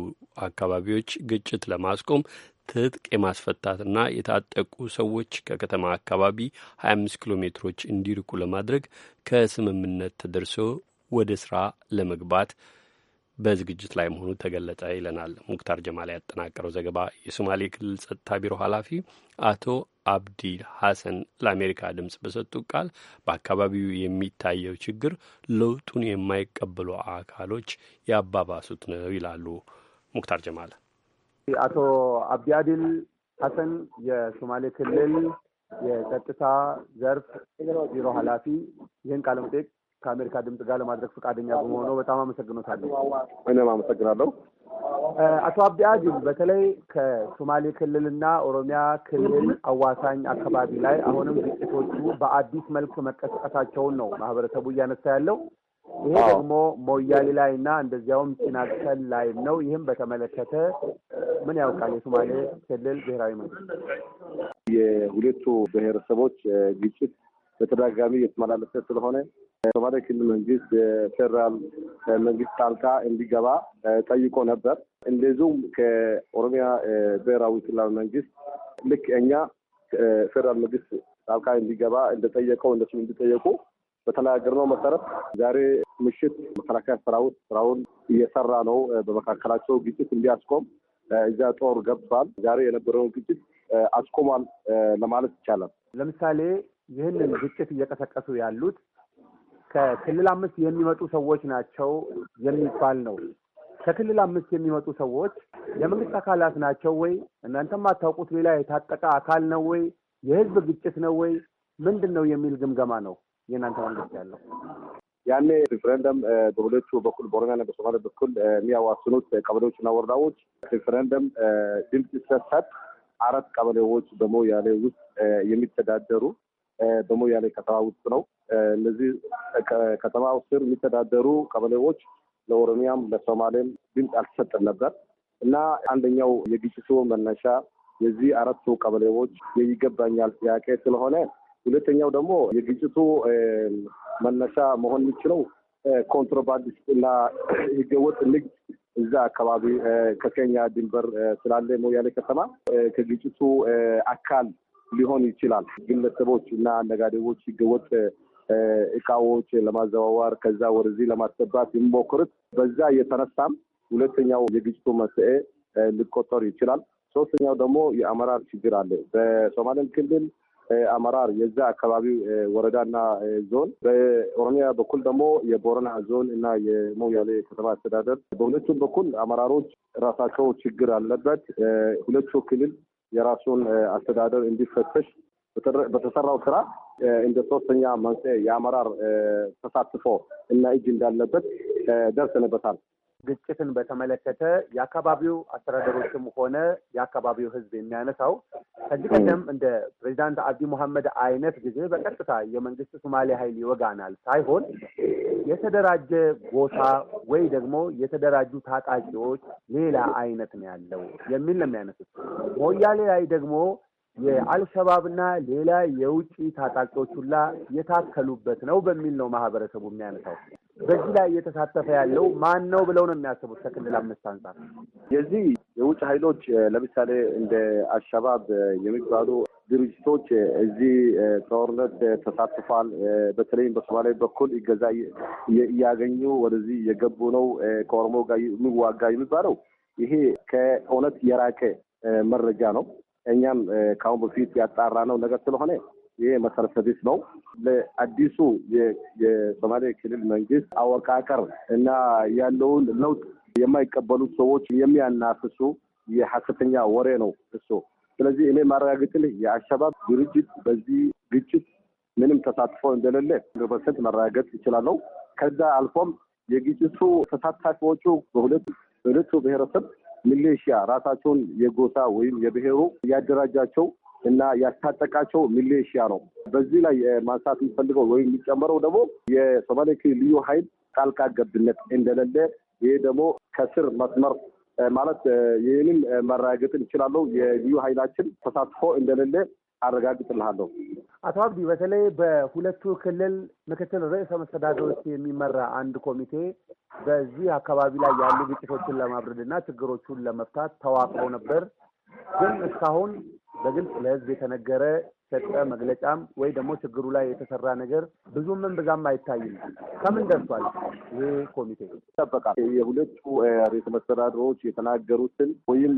አካባቢዎች ግጭት ለማስቆም ትጥቅ የማስፈታትና የታጠቁ ሰዎች ከከተማ አካባቢ 25 ኪሎ ሜትሮች እንዲርቁ ለማድረግ ከስምምነት ተደርሶ ወደ ስራ ለመግባት በዝግጅት ላይ መሆኑ ተገለጠ ይለናል ሙክታር ጀማል ያጠናቀረው ዘገባ። የሶማሌ ክልል ጸጥታ ቢሮ ኃላፊ አቶ አብዲ ሐሰን ለአሜሪካ ድምፅ በሰጡት ቃል በአካባቢው የሚታየው ችግር ለውጡን የማይቀበሉ አካሎች ያባባሱት ነው ይላሉ ሙክታር ጀማል። አቶ አብዲ አዲል ሀሰን የሶማሌ ክልል የጸጥታ ዘርፍ ቢሮ ኃላፊ ይህን ቃለ መጠይቅ ከአሜሪካ ድምጽ ጋር ለማድረግ ፈቃደኛ በመሆኑ በጣም አመሰግኖታለሁ። እኔም አመሰግናለሁ። አቶ አብዲ በተለይ ከሶማሌ ክልልና ኦሮሚያ ክልል አዋሳኝ አካባቢ ላይ አሁንም ግጭቶቹ በአዲስ መልክ መቀስቀሳቸውን ነው ማህበረሰቡ እያነሳ ያለው። ይሄ ደግሞ ሞያሌ ላይ እና እንደዚያውም ጭናክሰል ላይ ነው። ይህም በተመለከተ ምን ያውቃል የሶማሌ ክልል ብሔራዊ መንግስት? የሁለቱ ብሔረሰቦች ግጭት በተደጋጋሚ የተመላለሰ ስለሆነ የሶማሌ ክልል መንግስት የፌደራል መንግስት ጣልቃ እንዲገባ ጠይቆ ነበር። እንደዚሁም ከኦሮሚያ ብሔራዊ ክልላዊ መንግስት ልክ እኛ ፌደራል መንግስት ጣልቃ እንዲገባ እንደጠየቀው እንደሱም እንዲጠየቁ በተነጋገርነው መሰረት ዛሬ ምሽት መከላከያ ሰራዊት ስራውን እየሰራ ነው። በመካከላቸው ግጭት እንዲያስቆም እዚያ ጦር ገብቷል። ዛሬ የነበረውን ግጭት አስቆሟል ለማለት ይቻላል። ለምሳሌ ይህንን ግጭት እየቀሰቀሱ ያሉት ከክልል አምስት የሚመጡ ሰዎች ናቸው የሚባል ነው። ከክልል አምስት የሚመጡ ሰዎች የመንግስት አካላት ናቸው ወይ? እናንተ የማታውቁት ሌላ የታጠቀ አካል ነው ወይ? የህዝብ ግጭት ነው ወይ? ምንድን ነው የሚል ግምገማ ነው የእናንተ መንግስት ያለው ያኔ ሪፍረንደም በሁለቱ በኩል በኦሮሚያና በሶማሌ በኩል የሚያዋስኑት ቀበሌዎችና ወረዳዎች ሪፍረንደም ድምፅ ሲሰጥ አራት ቀበሌዎች በሞያሌ ውስጥ የሚተዳደሩ በሞያሌ ከተማ ውስጥ ነው። እነዚህ ከተማ ስር የሚተዳደሩ ቀበሌዎች ለኦሮሚያም ለሶማሌም ድምፅ አልተሰጠም ነበር እና አንደኛው የግጭቱ መነሻ የዚህ አራቱ ቀበሌዎች የይገባኛል ጥያቄ ስለሆነ ሁለተኛው ደግሞ የግጭቱ መነሻ መሆን የሚችለው ኮንትሮባንድ እና ህገወጥ ንግድ እዛ አካባቢ ከኬንያ ድንበር ስላለ ሞያሌ ከተማ ከግጭቱ አካል ሊሆን ይችላል። ግለሰቦች እና ነጋዴዎች ህገወጥ እቃዎች ለማዘዋወር ከዛ ወደዚህ ለማስገባት የሚሞክሩት በዛ የተነሳም ሁለተኛው የግጭቱ መንስኤ ሊቆጠር ይችላል። ሶስተኛው ደግሞ የአመራር ችግር አለ። በሶማሌም ክልል አመራር የዛ አካባቢ ወረዳና ዞን፣ በኦሮሚያ በኩል ደግሞ የቦረና ዞን እና የሞያሌ ከተማ አስተዳደር፣ በሁለቱም በኩል አመራሮች ራሳቸው ችግር አለበት። ሁለቱ ክልል የራሱን አስተዳደር እንዲፈተሽ በተሰራው ስራ እንደ ሶስተኛ መንስኤ የአመራር ተሳትፎ እና እጅ እንዳለበት ደርሰንበታል። ግጭትን በተመለከተ የአካባቢው አስተዳደሮችም ሆነ የአካባቢው ህዝብ የሚያነሳው ከዚህ ቀደም እንደ ፕሬዚዳንት አብዲ ሙሐመድ አይነት ጊዜ በቀጥታ የመንግስት ሶማሌ ኃይል ይወጋናል ሳይሆን የተደራጀ ጎሳ ወይ ደግሞ የተደራጁ ታጣቂዎች ሌላ አይነት ነው ያለው የሚል ነው የሚያነሱት። ሞያሌ ላይ ደግሞ የአልሸባብና ሌላ የውጭ ታጣቂዎች ሁላ የታከሉበት ነው በሚል ነው ማህበረሰቡ የሚያነሳው። በዚህ ላይ እየተሳተፈ ያለው ማን ነው ብለው ነው የሚያስቡት? ከክልል አምስት አንጻር የዚህ የውጭ ኃይሎች ለምሳሌ እንደ አሸባብ የሚባሉ ድርጅቶች እዚህ ጦርነት ተሳትፏል። በተለይም በሶማሌ በኩል ይገዛ እያገኙ ወደዚህ የገቡ ነው ከኦሮሞ ጋር የሚዋጋ የሚባለው ይሄ ከእውነት የራቀ መረጃ ነው። እኛም ከአሁን በፊት ያጣራ ነው ነገር ስለሆነ ይሄ መሰረተ ቢስ ነው። ለአዲሱ የሶማሌ ክልል መንግስት አወቃቀር እና ያለውን ለውጥ የማይቀበሉት ሰዎች የሚያናፍሱ የሀሰተኛ ወሬ ነው እሱ። ስለዚህ እኔ ማረጋገጥልህ የአሸባብ ድርጅት በዚህ ግጭት ምንም ተሳትፎ እንደሌለ ፐርሰንት መረጋገጥ ይችላለው። ከዛ አልፎም የግጭቱ ተሳታፊዎቹ በሁለቱ በሁለቱ ብሔረሰብ ሚሌሽያ ራሳቸውን የጎሳ ወይም የብሔሩ ያደራጃቸው እና ያስታጠቃቸው ሚሊሽያ ነው። በዚህ ላይ ማንሳት የሚፈልገው ወይም የሚጨመረው ደግሞ የሶማሌ ክልል ልዩ ኃይል ጣልቃ ገብነት እንደሌለ፣ ይህ ደግሞ ከስር መስመር ማለት ይህንን መረጋገጥን ይችላለሁ የልዩ ኃይላችን ተሳትፎ እንደሌለ አረጋግጥልሃለሁ። አቶ አብዲ በተለይ በሁለቱ ክልል ምክትል ርዕሰ መስተዳድሮች የሚመራ አንድ ኮሚቴ በዚህ አካባቢ ላይ ያሉ ግጭቶችን ለማብረድ እና ችግሮቹን ለመፍታት ተዋቅሮ ነበር፣ ግን እስካሁን በግልጽ ለህዝብ የተነገረ ሰጠ መግለጫም ወይ ደግሞ ችግሩ ላይ የተሰራ ነገር ብዙም ብዛም አይታይም። ከምን ደርሷል ይህ ኮሚቴ ይጠበቃል። የሁለቱ ርዕሰ መስተዳድሮች የተናገሩትን ወይም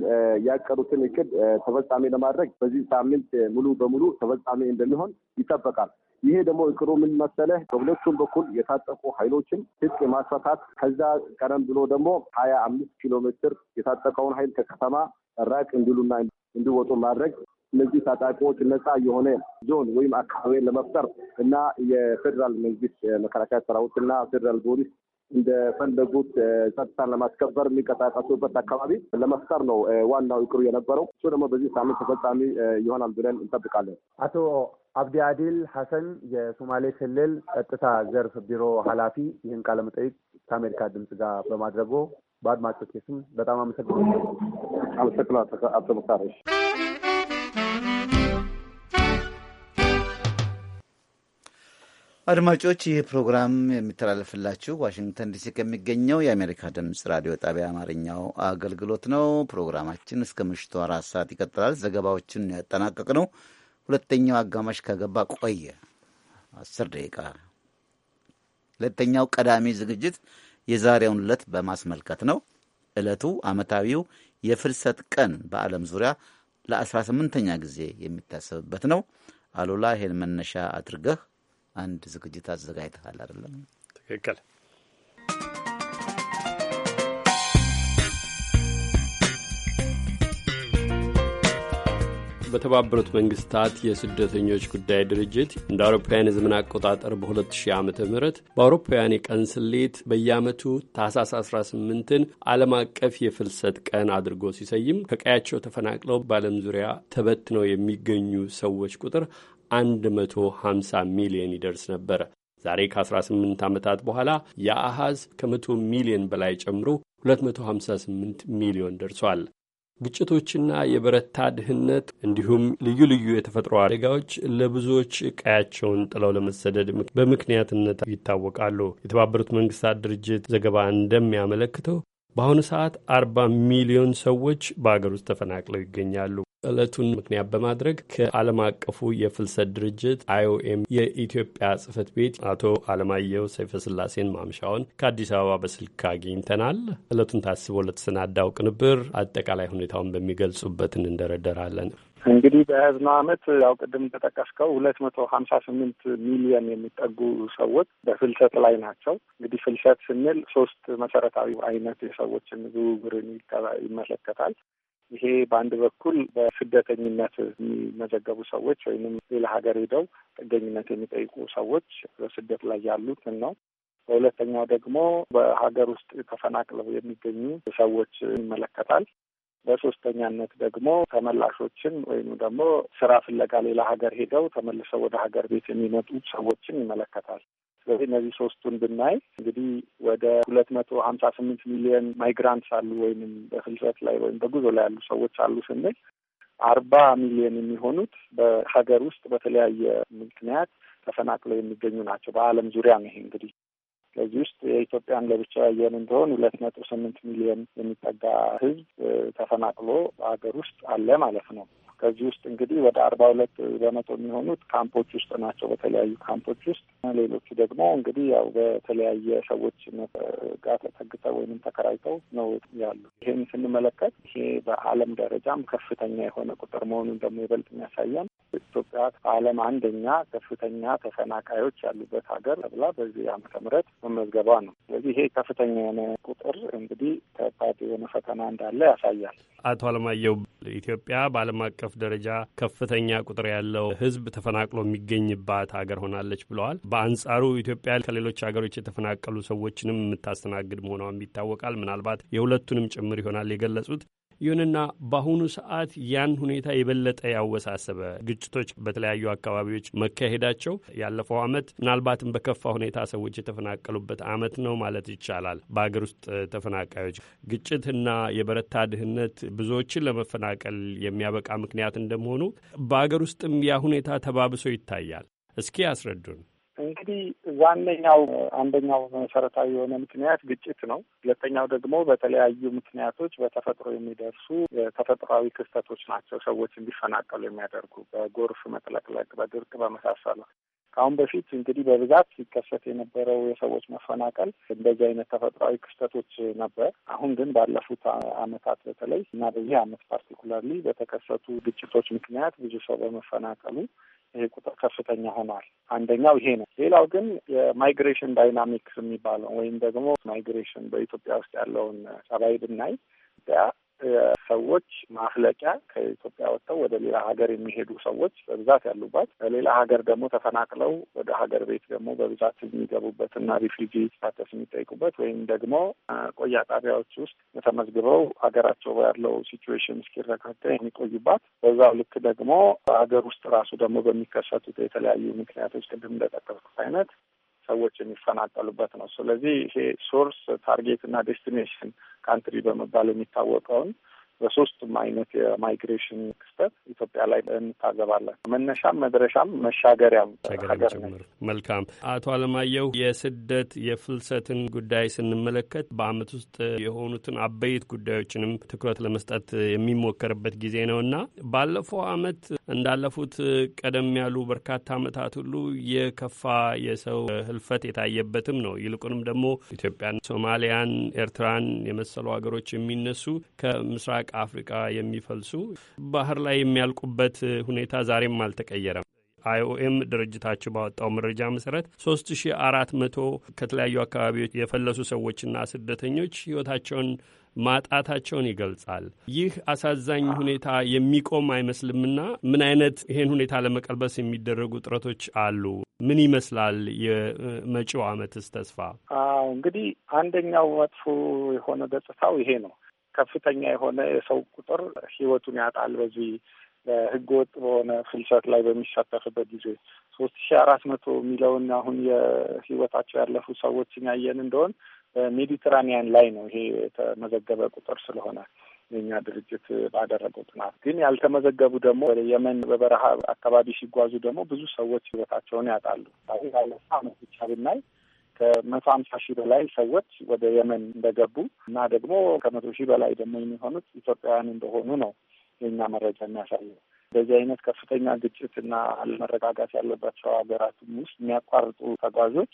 ያቀዱትን እቅድ ተፈጻሚ ለማድረግ በዚህ ሳምንት ሙሉ በሙሉ ተፈጻሚ እንደሚሆን ይጠበቃል። ይሄ ደግሞ እቅዱ ምን መሰለ፣ በሁለቱም በኩል የታጠቁ ኃይሎችን ትጥቅ የማስፈታት ከዛ ቀደም ብሎ ደግሞ ሀያ አምስት ኪሎ ሜትር የታጠቀውን ኃይል ከከተማ ራቅ እንዲሉና እንዲወጡ ማድረግ እነዚህ ታጣቂዎች ነፃ የሆነ ዞን ወይም አካባቢ ለመፍጠር እና የፌዴራል መንግስት መከላከያ ሰራዊት እና ፌዴራል ፖሊስ እንደፈለጉት ጸጥታን ለማስከበር የሚንቀሳቀሱበት አካባቢ ለመፍጠር ነው ዋናው እቅዱ የነበረው። እሱ ደግሞ በዚህ ሳምንት ተፈጻሚ ይሆናል ብለን እንጠብቃለን። አቶ አብዲ አዲል ሐሰን የሶማሌ ክልል ጸጥታ ዘርፍ ቢሮ ኃላፊ ይህን ቃለመጠይቅ ከአሜሪካ ድምፅ ጋር በማድረጉ በአድማጮች ስም በጣም አመሰግናለሁ። አመሰግናለሁ አቶ አድማጮች ይህ ፕሮግራም የሚተላለፍላችሁ ዋሽንግተን ዲሲ ከሚገኘው የአሜሪካ ድምፅ ራዲዮ ጣቢያ አማርኛው አገልግሎት ነው። ፕሮግራማችን እስከ ምሽቱ አራት ሰዓት ይቀጥላል። ዘገባዎችን ያጠናቀቅ ነው። ሁለተኛው አጋማሽ ከገባ ቆየ አስር ደቂቃ። ሁለተኛው ቀዳሚ ዝግጅት የዛሬውን ዕለት በማስመልከት ነው። ዕለቱ ዓመታዊው የፍልሰት ቀን በዓለም ዙሪያ ለ18ኛ ጊዜ የሚታሰብበት ነው። አሉላ ይህን መነሻ አድርገህ አንድ ዝግጅት አዘጋጅተሃል አይደለም? ትክክል። በተባበሩት መንግስታት የስደተኞች ጉዳይ ድርጅት እንደ አውሮፓውያን የዘመን አቆጣጠር በ2000 ዓ ም በአውሮፓውያን የቀን ስሌት በየአመቱ ታህሳስ 18ን ዓለም አቀፍ የፍልሰት ቀን አድርጎ ሲሰይም ከቀያቸው ተፈናቅለው በዓለም ዙሪያ ተበትነው የሚገኙ ሰዎች ቁጥር 150 ሚሊዮን ይደርስ ነበረ። ዛሬ ከ18 ዓመታት በኋላ የአሃዝ ከ100 ሚሊዮን በላይ ጨምሮ 258 ሚሊዮን ደርሷል። ግጭቶችና የበረታ ድህነት እንዲሁም ልዩ ልዩ የተፈጥሮ አደጋዎች ለብዙዎች ቀያቸውን ጥለው ለመሰደድ በምክንያትነት ይታወቃሉ። የተባበሩት መንግስታት ድርጅት ዘገባ እንደሚያመለክተው በአሁኑ ሰዓት አርባ ሚሊዮን ሰዎች በአገር ውስጥ ተፈናቅለው ይገኛሉ። ዕለቱን ምክንያት በማድረግ ከዓለም አቀፉ የፍልሰት ድርጅት አይኦኤም የኢትዮጵያ ጽህፈት ቤት አቶ አለማየሁ ሰይፈስላሴን ማምሻውን ከአዲስ አበባ በስልክ አግኝተናል። ዕለቱን ታስቦ ለተሰናዳው ቅንብር አጠቃላይ ሁኔታውን በሚገልጹበት እንደረደራለን። እንግዲህ በያዝነው ዓመት ያው ቅድም እንደጠቀስከው ሁለት መቶ ሀምሳ ስምንት ሚሊዮን የሚጠጉ ሰዎች በፍልሰት ላይ ናቸው። እንግዲህ ፍልሰት ስንል ሶስት መሰረታዊ አይነት የሰዎችን ዝውውርን ይመለከታል። ይሄ በአንድ በኩል በስደተኝነት የሚመዘገቡ ሰዎች ወይም ሌላ ሀገር ሄደው ጥገኝነት የሚጠይቁ ሰዎች በስደት ላይ ያሉትን ነው። በሁለተኛው ደግሞ በሀገር ውስጥ ተፈናቅለው የሚገኙ ሰዎች ይመለከታል። በሶስተኛነት ደግሞ ተመላሾችን ወይም ደግሞ ስራ ፍለጋ ሌላ ሀገር ሄደው ተመልሰው ወደ ሀገር ቤት የሚመጡ ሰዎችን ይመለከታል። ስለዚህ እነዚህ ሶስቱን ብናይ እንግዲህ ወደ ሁለት መቶ ሀምሳ ስምንት ሚሊዮን ማይግራንትስ አሉ ወይም በፍልሰት ላይ ወይም በጉዞ ላይ ያሉ ሰዎች አሉ ስንል አርባ ሚሊዮን የሚሆኑት በሀገር ውስጥ በተለያየ ምክንያት ተፈናቅለው የሚገኙ ናቸው። በዓለም ዙሪያ ነው ይሄ እንግዲህ ከዚህ ውስጥ የኢትዮጵያን ለብቻ ያየን እንደሆን ሁለት ነጥብ ስምንት ሚሊዮን የሚጠጋ ሕዝብ ተፈናቅሎ በሀገር ውስጥ አለ ማለት ነው። ከዚህ ውስጥ እንግዲህ ወደ አርባ ሁለት በመቶ የሚሆኑት ካምፖች ውስጥ ናቸው፣ በተለያዩ ካምፖች ውስጥ ሌሎቹ ደግሞ እንግዲህ ያው በተለያየ ሰዎች ጋር ተጠግተው ወይም ተከራይተው ነው ያሉ። ይህን ስንመለከት ይሄ በዓለም ደረጃም ከፍተኛ የሆነ ቁጥር መሆኑን ደግሞ ይበልጥ የሚያሳየን ኢትዮጵያ ከዓለም አንደኛ ከፍተኛ ተፈናቃዮች ያሉበት ሀገር ተብላ በዚህ ዓመተ ምህረት መመዝገቧ ነው። ስለዚህ ይሄ ከፍተኛ የሆነ ቁጥር እንግዲህ ከባድ የሆነ ፈተና እንዳለ ያሳያል። አቶ አለማየሁ ኢትዮጵያ በዓለም አቀፍ አቀፍ ደረጃ ከፍተኛ ቁጥር ያለው ሕዝብ ተፈናቅሎ የሚገኝባት ሀገር ሆናለች ብለዋል። በአንጻሩ ኢትዮጵያ ከሌሎች ሀገሮች የተፈናቀሉ ሰዎችንም የምታስተናግድ መሆኗም ይታወቃል። ምናልባት የሁለቱንም ጭምር ይሆናል የገለጹት። ይሁንና በአሁኑ ሰዓት ያን ሁኔታ የበለጠ ያወሳሰበ ግጭቶች በተለያዩ አካባቢዎች መካሄዳቸው ያለፈው ዓመት ምናልባትም በከፋ ሁኔታ ሰዎች የተፈናቀሉበት አመት ነው ማለት ይቻላል። በሀገር ውስጥ ተፈናቃዮች ግጭትና የበረታ ድህነት ብዙዎችን ለመፈናቀል የሚያበቃ ምክንያት እንደመሆኑ በሀገር ውስጥም ያ ሁኔታ ተባብሶ ይታያል። እስኪ ያስረዱን። እንግዲህ ዋነኛው አንደኛው መሰረታዊ የሆነ ምክንያት ግጭት ነው። ሁለተኛው ደግሞ በተለያዩ ምክንያቶች በተፈጥሮ የሚደርሱ ተፈጥሯዊ ክስተቶች ናቸው ሰዎች እንዲፈናቀሉ የሚያደርጉ በጎርፍ መጥለቅለቅ፣ በድርቅ በመሳሰሉ ከአሁን በፊት እንግዲህ በብዛት ሲከሰት የነበረው የሰዎች መፈናቀል እንደዚህ አይነት ተፈጥሯዊ ክስተቶች ነበር። አሁን ግን ባለፉት ዓመታት በተለይ እና በዚህ ዓመት ፓርቲኩላርሊ በተከሰቱ ግጭቶች ምክንያት ብዙ ሰው በመፈናቀሉ ይሄ ቁጥር ከፍተኛ ሆኗል። አንደኛው ይሄ ነው። ሌላው ግን የማይግሬሽን ዳይናሚክስ የሚባለው ወይም ደግሞ ማይግሬሽን በኢትዮጵያ ውስጥ ያለውን ሰባይ ብናይ ኢትዮጵያ ሰዎች ማፍለቂያ ከኢትዮጵያ ወጥተው ወደ ሌላ ሀገር የሚሄዱ ሰዎች በብዛት ያሉባት ከሌላ ሀገር ደግሞ ተፈናቅለው ወደ ሀገር ቤት ደግሞ በብዛት የሚገቡበትና ሪፊጂ ስታተስ የሚጠይቁበት ወይም ደግሞ ቆያ ጣቢያዎች ውስጥ ተመዝግበው ሀገራቸው ያለው ሲትዌሽን እስኪረጋጋ የሚቆዩባት በዛው ልክ ደግሞ በሀገር ውስጥ ራሱ ደግሞ በሚከሰቱት የተለያዩ ምክንያቶች ቅድም እንደጠቀስኩት አይነት ሰዎች የሚፈናቀሉበት ነው። ስለዚህ ይሄ ሶርስ ታርጌት እና ዴስቲኔሽን ካንትሪ በመባል የሚታወቀውን በሶስቱም አይነት የማይግሬሽን ክስተት ኢትዮጵያ ላይ እንታዘባለን። መነሻም መድረሻም መሻገሪያም ሀገር ነው። መልካም አቶ አለማየሁ የስደት የፍልሰትን ጉዳይ ስንመለከት በአመት ውስጥ የሆኑትን አበይት ጉዳዮችንም ትኩረት ለመስጠት የሚሞከርበት ጊዜ ነው እና ባለፈው አመት እንዳለፉት ቀደም ያሉ በርካታ አመታት ሁሉ የከፋ የሰው ህልፈት የታየበትም ነው። ይልቁንም ደግሞ ኢትዮጵያን፣ ሶማሊያን፣ ኤርትራን የመሰሉ ሀገሮች የሚነሱ ከምስራቅ አፍሪቃ የሚፈልሱ ባህር ላይ የሚያልቁበት ሁኔታ ዛሬም አልተቀየረም። አይኦኤም ድርጅታቸው ባወጣው መረጃ መሰረት 3400 ከተለያዩ አካባቢዎች የፈለሱ ሰዎችና ስደተኞች ህይወታቸውን ማጣታቸውን ይገልጻል። ይህ አሳዛኝ ሁኔታ የሚቆም አይመስልምና ምን አይነት ይህን ሁኔታ ለመቀልበስ የሚደረጉ ጥረቶች አሉ? ምን ይመስላል የመጪው አመትስ ተስፋ? እንግዲህ አንደኛው መጥፎ የሆነ ገጽታው ይሄ ነው። ከፍተኛ የሆነ የሰው ቁጥር ህይወቱን ያጣል። በዚህ ህገ ወጥ በሆነ ፍልሰት ላይ በሚሳተፍበት ጊዜ ሶስት ሺ አራት መቶ የሚለውን አሁን የህይወታቸው ያለፉ ሰዎችን ያየን እንደሆን በሜዲትራኒያን ላይ ነው ይሄ የተመዘገበ ቁጥር ስለሆነ የኛ ድርጅት ባደረገው ጥናት ግን ያልተመዘገቡ ደግሞ ወደ የመን በበረሃ አካባቢ ሲጓዙ ደግሞ ብዙ ሰዎች ህይወታቸውን ያጣሉ። ባለፈው ዓመት ብቻ ብናይ ከመቶ ሀምሳ ሺህ በላይ ሰዎች ወደ የመን እንደገቡ እና ደግሞ ከመቶ ሺህ በላይ ደግሞ የሚሆኑት ኢትዮጵያውያን እንደሆኑ ነው የኛ መረጃ የሚያሳየው። በዚህ አይነት ከፍተኛ ግጭት እና አለመረጋጋት ያለባቸው ሀገራትም ውስጥ የሚያቋርጡ ተጓዦች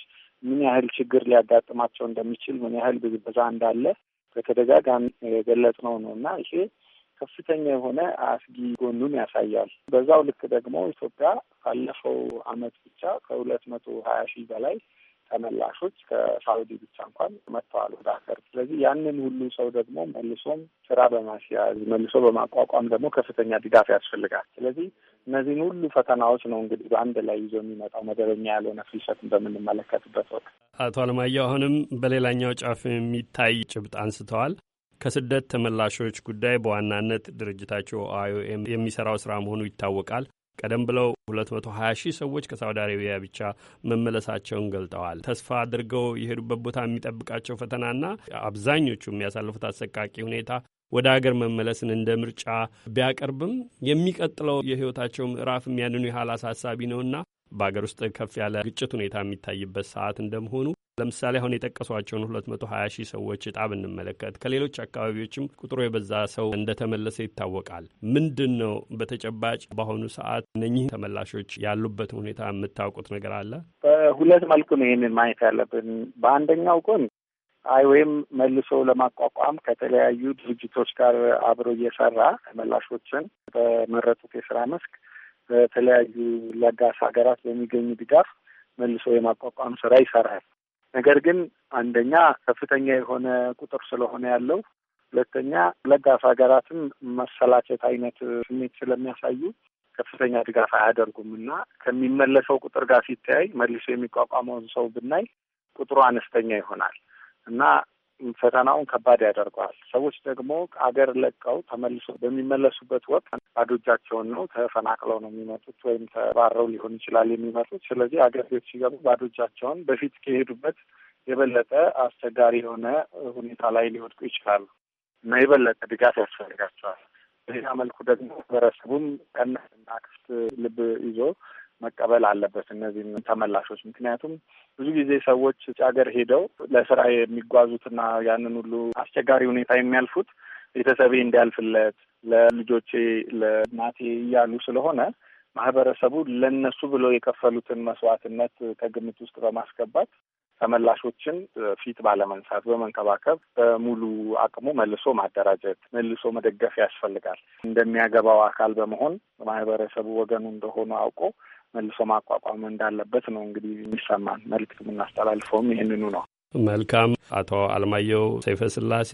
ምን ያህል ችግር ሊያጋጥማቸው እንደሚችል ምን ያህል ብዝበዛ እንዳለ በተደጋጋሚ የገለጽነው ነው እና ይሄ ከፍተኛ የሆነ አስጊ ጎኑን ያሳያል። በዛው ልክ ደግሞ ኢትዮጵያ ካለፈው ዓመት ብቻ ከሁለት መቶ ሀያ ሺህ በላይ ተመላሾች ከሳውዲ ብቻ እንኳን መጥተዋል ወደ ሀገር። ስለዚህ ያንን ሁሉ ሰው ደግሞ መልሶም ስራ በማስያዝ መልሶ በማቋቋም ደግሞ ከፍተኛ ድጋፍ ያስፈልጋል። ስለዚህ እነዚህን ሁሉ ፈተናዎች ነው እንግዲህ በአንድ ላይ ይዞ የሚመጣው መደበኛ ያልሆነ ፍልሰትን በምንመለከትበት ወቅት። አቶ አለማየሁ አሁንም በሌላኛው ጫፍ የሚታይ ጭብጥ አንስተዋል። ከስደት ተመላሾች ጉዳይ በዋናነት ድርጅታቸው አይ የሚሰራው ስራ መሆኑ ይታወቃል። ቀደም ብለው 220 ሺህ ሰዎች ከሳውዲ አረቢያ ብቻ መመለሳቸውን ገልጠዋል። ተስፋ አድርገው የሄዱበት ቦታ የሚጠብቃቸው ፈተናና አብዛኞቹ የሚያሳልፉት አሰቃቂ ሁኔታ ወደ አገር መመለስን እንደ ምርጫ ቢያቀርብም የሚቀጥለው የህይወታቸው ምዕራፍ የሚያንኑ ያህል አሳሳቢ ነውና በአገር ውስጥ ከፍ ያለ ግጭት ሁኔታ የሚታይበት ሰዓት እንደመሆኑ ለምሳሌ አሁን የጠቀሷቸውን ሁለት መቶ ሺህ ሰዎች እጣ ብንመለከት ከሌሎች አካባቢዎችም ቁጥሩ የበዛ ሰው እንደተመለሰ ይታወቃል። ምንድን ነው በተጨባጭ በአሁኑ ሰዓት እነኚህ ተመላሾች ያሉበትን ሁኔታ የምታውቁት ነገር አለ? በሁለት መልኩ ነው ይህንን ማየት ያለብን። በአንደኛው ጎን አይ ወይም መልሶ ለማቋቋም ከተለያዩ ድርጅቶች ጋር አብሮ እየሰራ ተመላሾችን በመረጡት የስራ መስክ በተለያዩ ለጋስ ሀገራት በሚገኙ ድጋፍ መልሶ የማቋቋም ስራ ይሰራል። ነገር ግን አንደኛ ከፍተኛ የሆነ ቁጥር ስለሆነ ያለው፣ ሁለተኛ ለጋሽ ሀገራትም መሰላቸት አይነት ስሜት ስለሚያሳዩ ከፍተኛ ድጋፍ አያደርጉም እና ከሚመለሰው ቁጥር ጋር ሲተያይ መልሶ የሚቋቋመውን ሰው ብናይ ቁጥሩ አነስተኛ ይሆናል እና ፈተናውን ከባድ ያደርገዋል። ሰዎች ደግሞ አገር ለቀው ተመልሶ በሚመለሱበት ወቅት ባዶ እጃቸውን ነው ተፈናቅለው ነው የሚመጡት ወይም ተባረው ሊሆን ይችላል የሚመጡት። ስለዚህ አገር ቤት ሲገቡ ባዶ እጃቸውን በፊት ከሄዱበት የበለጠ አስቸጋሪ የሆነ ሁኔታ ላይ ሊወድቁ ይችላሉ እና የበለጠ ድጋፍ ያስፈልጋቸዋል። በሌላ መልኩ ደግሞ ማህበረሰቡም ቀና እና ክፍት ልብ ይዞ መቀበል አለበት እነዚህ ተመላሾች። ምክንያቱም ብዙ ጊዜ ሰዎች ውጭ ሀገር ሄደው ለስራ የሚጓዙትና ያንን ሁሉ አስቸጋሪ ሁኔታ የሚያልፉት ቤተሰቤ እንዲያልፍለት ለልጆቼ ለእናቴ እያሉ ስለሆነ ማህበረሰቡ ለነሱ ብሎ የከፈሉትን መስዋዕትነት ከግምት ውስጥ በማስገባት ተመላሾችን ፊት ባለመንሳት በመንከባከብ በሙሉ አቅሙ መልሶ ማደራጀት መልሶ መደገፍ ያስፈልጋል። እንደሚያገባው አካል በመሆን ማህበረሰቡ ወገኑ እንደሆኑ አውቆ መልሶ ማቋቋም እንዳለበት ነው እንግዲህ የሚሰማን መልክት የምናስተላልፈውም ይህንኑ ነው። መልካም አቶ አለማየሁ ሰይፈ ስላሴ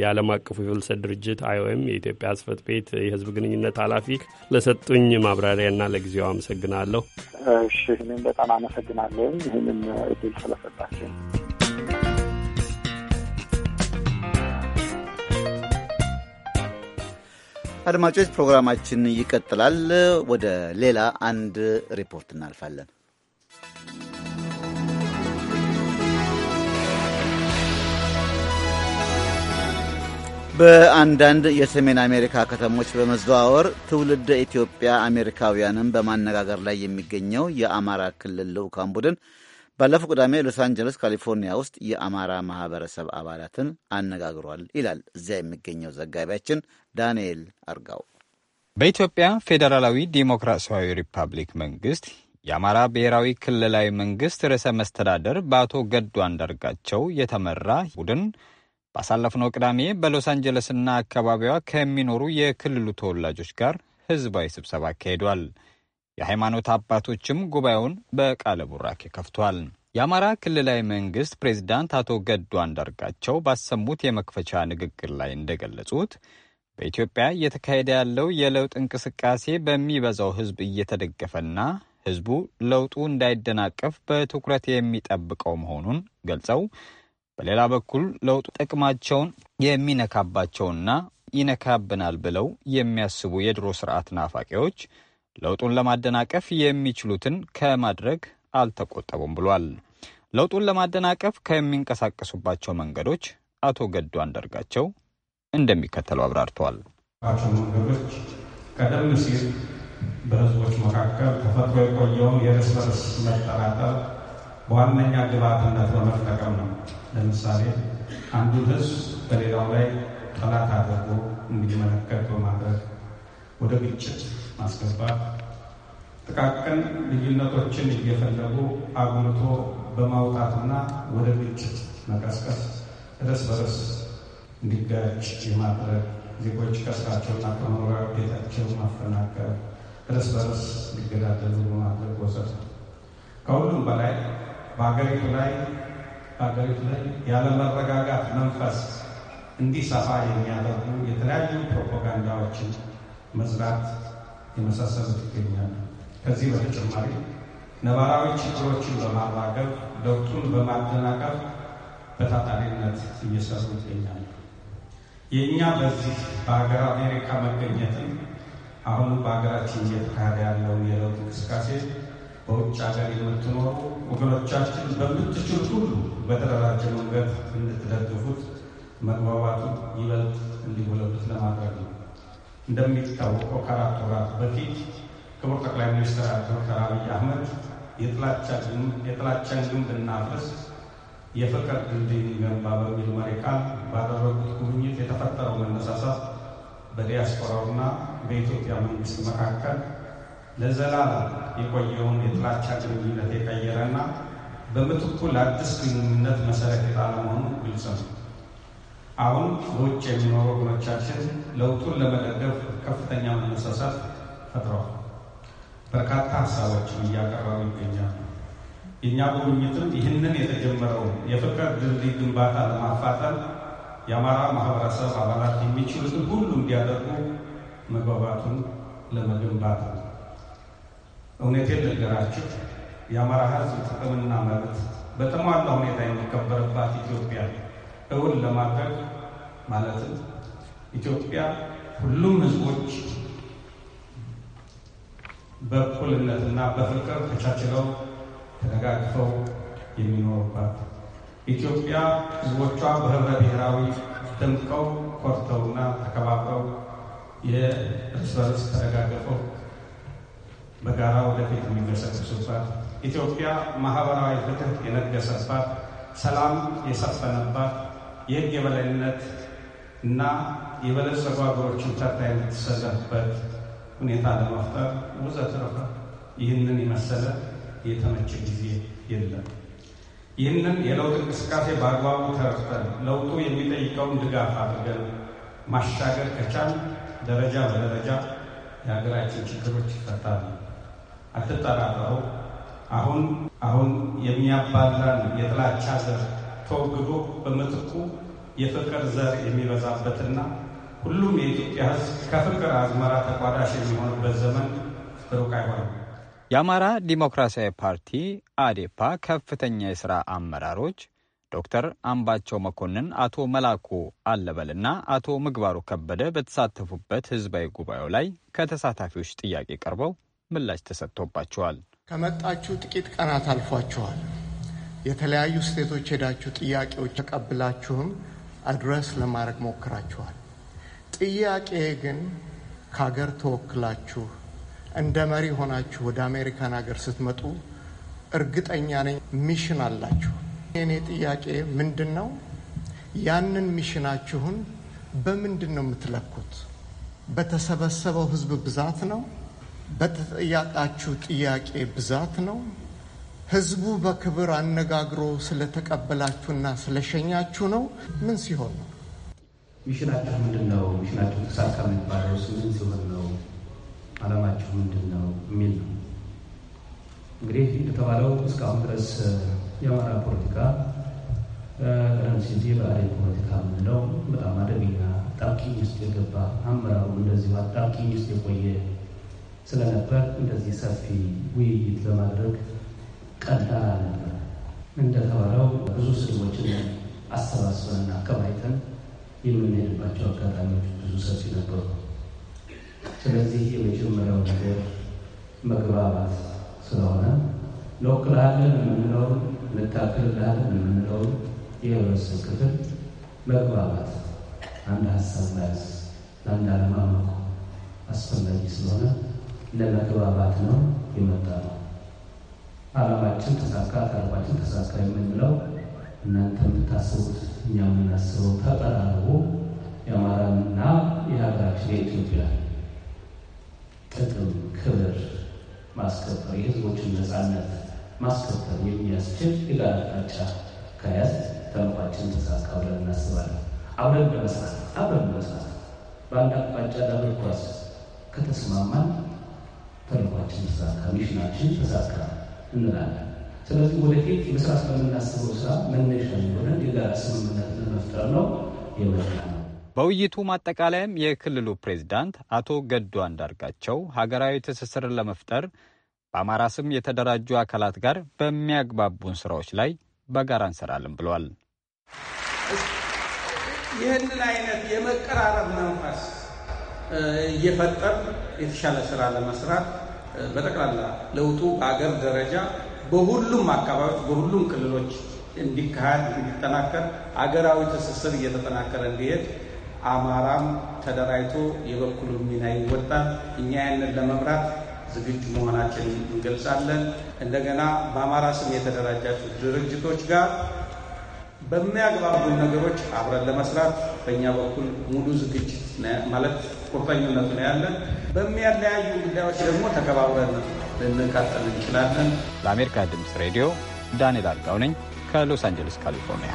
የዓለም አቀፉ የፍልሰት ድርጅት አይኦኤም የኢትዮጵያ ጽህፈት ቤት የህዝብ ግንኙነት ኃላፊ ለሰጡኝ ማብራሪያና ለጊዜው አመሰግናለሁ። እሺ፣ እኔም በጣም አመሰግናለሁ ይህንን እድል ስለሰጣቸው። አድማጮች ፕሮግራማችን ይቀጥላል። ወደ ሌላ አንድ ሪፖርት እናልፋለን። በአንዳንድ የሰሜን አሜሪካ ከተሞች በመዘዋወር ትውልድ ኢትዮጵያ አሜሪካውያንን በማነጋገር ላይ የሚገኘው የአማራ ክልል ልዑካን ቡድን ባለፈው ቅዳሜ ሎስ አንጀለስ ካሊፎርኒያ ውስጥ የአማራ ማህበረሰብ አባላትን አነጋግሯል ይላል እዚያ የሚገኘው ዘጋቢያችን ዳንኤል አርጋው። በኢትዮጵያ ፌዴራላዊ ዴሞክራሲያዊ ሪፐብሊክ መንግስት የአማራ ብሔራዊ ክልላዊ መንግስት ርዕሰ መስተዳደር በአቶ ገዱ አንዳርጋቸው የተመራ ቡድን ባሳለፍነው ቅዳሜ በሎስ አንጀለስና አካባቢዋ ከሚኖሩ የክልሉ ተወላጆች ጋር ህዝባዊ ስብሰባ አካሂዷል። የሃይማኖት አባቶችም ጉባኤውን በቃለ ቡራኬ ከፍቷል። የአማራ ክልላዊ መንግስት ፕሬዚዳንት አቶ ገዱ አንዳርጋቸው ባሰሙት የመክፈቻ ንግግር ላይ እንደገለጹት በኢትዮጵያ እየተካሄደ ያለው የለውጥ እንቅስቃሴ በሚበዛው ህዝብ እየተደገፈና ህዝቡ ለውጡ እንዳይደናቀፍ በትኩረት የሚጠብቀው መሆኑን ገልጸው በሌላ በኩል ለውጡ ጥቅማቸውን የሚነካባቸውና ይነካብናል ብለው የሚያስቡ የድሮ ስርዓት ናፋቂዎች ለውጡን ለማደናቀፍ የሚችሉትን ከማድረግ አልተቆጠቡም ብሏል። ለውጡን ለማደናቀፍ ከሚንቀሳቀሱባቸው መንገዶች አቶ ገዱ አንዳርጋቸው እንደሚከተለው አብራርተዋል። መንገዶች ቀደም ሲል በህዝቦች መካከል ተፈጥሮ የቆየውን የእርስ በርስ መጠራጠር በዋነኛ ግብዓትነት በመጠቀም ነው። ለምሳሌ አንዱ ህዝብ በሌላው ላይ ጠላት አድርጎ እንዲመለከት በማድረግ ወደ ግጭት ማስገባት፣ ጥቃቅን ልዩነቶችን እየፈለጉ አጉልቶ በማውጣትና ወደ ግጭት መቀስቀስ፣ እርስ በርስ እንዲጋጭ የማድረግ ዜጎች ከስራቸውና ከመኖሪያ ቤታቸው ማፈናቀል፣ እርስ በርስ እንዲገዳደሉ በማድረግ ወዘተ። ከሁሉም በላይ በሀገሪቱ ላይ በሀገሪቱ ላይ ያለመረጋጋት መንፈስ እንዲሰፋ የሚያደርጉ የተለያዩ ፕሮፓጋንዳዎችን መዝራት የመሳሰሉት ይገኛሉ። ከዚህ በተጨማሪ ነባራዊ ችግሮችን በማራገብ ለውጡን በማደናቀፍ በታታሪነት እየሰሩ ይገኛሉ። የእኛ በዚህ በሀገር አሜሪካ መገኘትን አሁኑ በሀገራችን እየተካሄደ ያለውን የለውጥ እንቅስቃሴ በውጭ ሀገር የምትኖሩ ወገኖቻችን በምትችሉት ሁሉ በተደራጀ መንገድ እንድትደግፉት መግባባቱ ይበልጥ እንዲጎለብት ለማድረግ ነው። እንደሚታወቀው ከአራት ወራት በፊት ክቡር ጠቅላይ ሚኒስትር ዶክተር አብይ አህመድ የጥላቻን ግንብ እናፍርስ የፍቅር ድልድይ እንገንባ በሚል መሪ ቃል ባደረጉት ጉብኝት የተፈጠረው መነሳሳት በዲያስፖራውና በኢትዮጵያ መንግስት መካከል ለዘላለም የቆየውን የጥላቻ ግንኙነት የቀየረና በምትኩ ለአዲስ ግንኙነት መሰረት የጣለ መሆኑ ግልጽ ነው። አሁን በውጭ የሚኖሩ ወገኖቻችን ለውጡን ለመደገፍ ከፍተኛ መነሳሳት ፈጥረዋል። በርካታ ሀሳቦችን እያቀረቡ ይገኛሉ። የእኛ ጉብኝትም ይህንን የተጀመረውን የፍቅር ድልድይ ግንባታ ለማፋጠን የአማራ ማህበረሰብ አባላት የሚችሉትን ሁሉ እንዲያደርጉ መግባባቱን ለመገንባት ነው። እውነቴን ልንገራችሁ የአማራ ሕዝብ ጥቅምና መብት በተሟላ ሁኔታ የሚከበርባት ኢትዮጵያ እውን ለማድረግ ማለትም ኢትዮጵያ ሁሉም ህዝቦች በእኩልነትና በፍቅር ተቻችለው ተደጋግፈው የሚኖሩባት ኢትዮጵያ ሕዝቦቿ በህብረ ብሔራዊ ደምቀው ኮርተውና ተከባብረው የእርስ በርስ ተደጋግፈው በጋራ ወደፊት የሚገሰግሱባት ኢትዮጵያ ማህበራዊ ፍትህ የነገሰባት፣ ሰላም የሰፈነባት የህግ የበላይነት እና የበለጸጉ ሀገሮችን ተርታ የምትሰለፍበት ሁኔታ ለመፍጠር ወዘተረፈ ይህንን የመሰለ የተመቸ ጊዜ የለም። ይህንን የለውጥ እንቅስቃሴ በአግባቡ ተረፍተን ለውጡ የሚጠይቀውን ድጋፍ አድርገን ማሻገር ከቻል ደረጃ በደረጃ የሀገራችን ችግሮች ይፈታሉ። አትጠራጠሩ። አሁን አሁን የሚያባላን የጥላቻ ዘር ተወግዶ በምትኩ የፍቅር ዘር የሚበዛበትና ሁሉም የኢትዮጵያ ሕዝብ ከፍቅር አዝመራ ተቋዳሽ የሚሆንበት ዘመን ሩቅ አይሆንም። የአማራ ዲሞክራሲያዊ ፓርቲ አዴፓ ከፍተኛ የሥራ አመራሮች ዶክተር አምባቸው መኮንን፣ አቶ መላኩ አለበልና አቶ ምግባሩ ከበደ በተሳተፉበት ህዝባዊ ጉባኤው ላይ ከተሳታፊዎች ጥያቄ ቀርበው ምላሽ ተሰጥቶባቸዋል። ከመጣችሁ ጥቂት ቀናት አልፏቸዋል። የተለያዩ ስቴቶች ሄዳችሁ ጥያቄዎች ተቀብላችሁም አድረስ ለማድረግ ሞክራችኋል። ጥያቄ ግን ከሀገር ተወክላችሁ እንደ መሪ ሆናችሁ ወደ አሜሪካን ሀገር ስትመጡ እርግጠኛ ነኝ ሚሽን አላችሁ። የእኔ ጥያቄ ምንድን ነው? ያንን ሚሽናችሁን በምንድን ነው የምትለኩት? በተሰበሰበው ህዝብ ብዛት ነው? በተጠያቃችሁ ጥያቄ ብዛት ነው? ህዝቡ በክብር አነጋግሮ ስለተቀበላችሁና ስለሸኛችሁ ነው። ምን ሲሆን ነው ሚሽናችሁ ምንድን ነው? ሚሽናችሁ ተሳካ የሚባለው ምን ሲሆን ነው? አላማችሁ ምንድን ነው የሚል ነው። እንግዲህ እንደተባለው እስካሁን ድረስ የአማራ ፖለቲካ ቀደም ሲል የብአዴን ፖለቲካ የምንለው በጣም አደገኛ አጣብቂኝ ውስጥ የገባ አመራሩ እንደዚሁ አጣብቂኝ ውስጥ የቆየ ስለነበር እንደዚህ ሰፊ ውይይት ለማድረግ ቀላል ነበር እንደተባለው ብዙ ስሞችን አሰባስበንና አከባይተን የምንሄድባቸው አጋጣሚዎች ብዙ ሰፊ ነበሩ። ስለዚህ የመጀመሪያው ነገር መግባባት ስለሆነ እንወክልሃለን የምንለውን እንታክልልሃለን የምንለውን የህብረተሰብ ክፍል መግባባት አንድ ሀሳብ መያዝ ለአንድ አለማመኩ አስፈላጊ ስለሆነ ለመግባባት ነው የመጣ ነው። አላማችን ተሳካ ተረፋችን ተሳካ የምንለው እናንተ የምታስቡት እኛ የምናስበው ተጠራርቦ የአማራና የሀገራችን የኢትዮጵያ ጥቅም ክብር ማስከበር የህዝቦችን ነፃነት ማስከበር የሚያስችል የጋራ አቅጣጫ ከያዝ ተልኳችን ተሳካ ብለን እናስባለን። አብረን በመስራት አብረን በመስራት በአንድ አቅጣጫ ዳብር ኳስ ከተስማማን ተልኳችን ተሳካ፣ ሚሽናችን ተሳካ። እንላለን። ስለዚህ ወደፊት የመስራት በምናስበው ስራ መነሻ የሆነ የጋራ ስምምነት ለመፍጠር ነው የመጣ ነው። በውይይቱ ማጠቃለያም የክልሉ ፕሬዚዳንት አቶ ገዱ አንዳርጋቸው ሀገራዊ ትስስርን ለመፍጠር በአማራ ስም የተደራጁ አካላት ጋር በሚያግባቡን ስራዎች ላይ በጋራ እንሰራለን ብሏል። ይህንን አይነት የመቀራረብ መንፈስ እየፈጠር የተሻለ ስራ ለመስራት በጠቅላላ ለውጡ በአገር ደረጃ በሁሉም አካባቢዎች በሁሉም ክልሎች እንዲካሄድ እንዲጠናከር አገራዊ ትስስር እየተጠናከረ እንዲሄድ አማራም ተደራጅቶ የበኩሉ ሚና ይወጣል። እኛ ያንን ለመምራት ዝግጁ መሆናችን እንገልጻለን። እንደገና በአማራ ስም የተደራጃችሁ ድርጅቶች ጋር በሚያግባቡ ነገሮች አብረን ለመስራት በእኛ በኩል ሙሉ ዝግጅት ማለት ቁርጠኝነቱ ነው ያለን። በሚያለያዩ ጉዳዮች ደግሞ ተከባብረን ልንቀጥል እንችላለን። ለአሜሪካ ድምፅ ሬዲዮ ዳንኤል አርጋው ነኝ ከሎስ አንጀለስ ካሊፎርኒያ።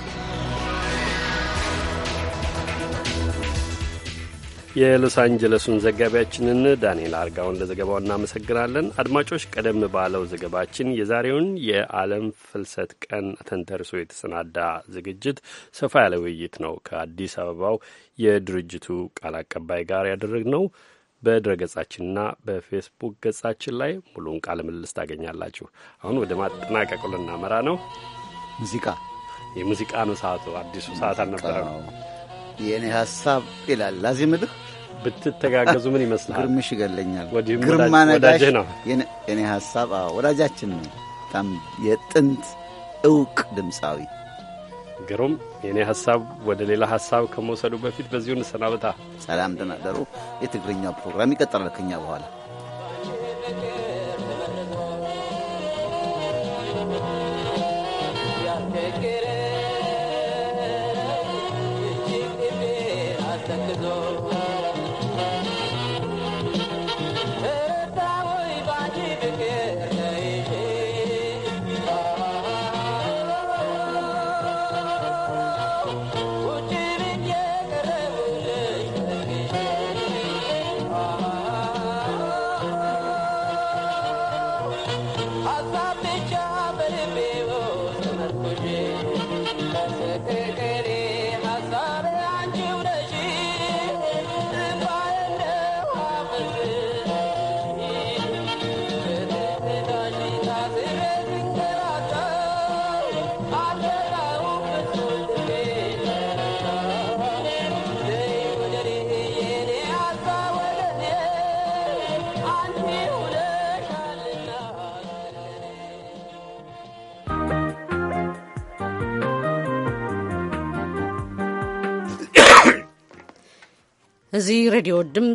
የሎስ አንጀለሱን ዘጋቢያችንን ዳንኤል አርጋውን ለዘገባው እናመሰግናለን። አድማጮች፣ ቀደም ባለው ዘገባችን የዛሬውን የዓለም ፍልሰት ቀን ተንተርሶ የተሰናዳ ዝግጅት ሰፋ ያለ ውይይት ነው ከአዲስ አበባው የድርጅቱ ቃል አቀባይ ጋር ያደረግነው። በድረገጻችንና በፌስቡክ ገጻችን ላይ ሙሉውን ቃለ ምልልስ ታገኛላችሁ። አሁን ወደ ማጠናቀቁ ልናመራ ነው። ሙዚቃ የሙዚቃ ነው። ሰዓቱ አዲሱ ሰዓት አልነበረ ነው። የእኔ ሀሳብ ይላል አዚህ ምድር ብትተጋገዙ ምን ይመስላል? ግርምሽ ይገለኛል። ግርማ ነጋሽ የኔ ሀሳብ ወዳጃችን ነው። በጣም የጥንት እውቅ ድምፃዊ ግሩም። የኔ ሀሳብ ወደ ሌላ ሀሳብ ከመውሰዱ በፊት በዚሁ እንሰናበታ። ሰላም ደናደሩ። የትግርኛ ፕሮግራም ይቀጥላል ከኛ በኋላ እዚ ሬድዮ ድምፂ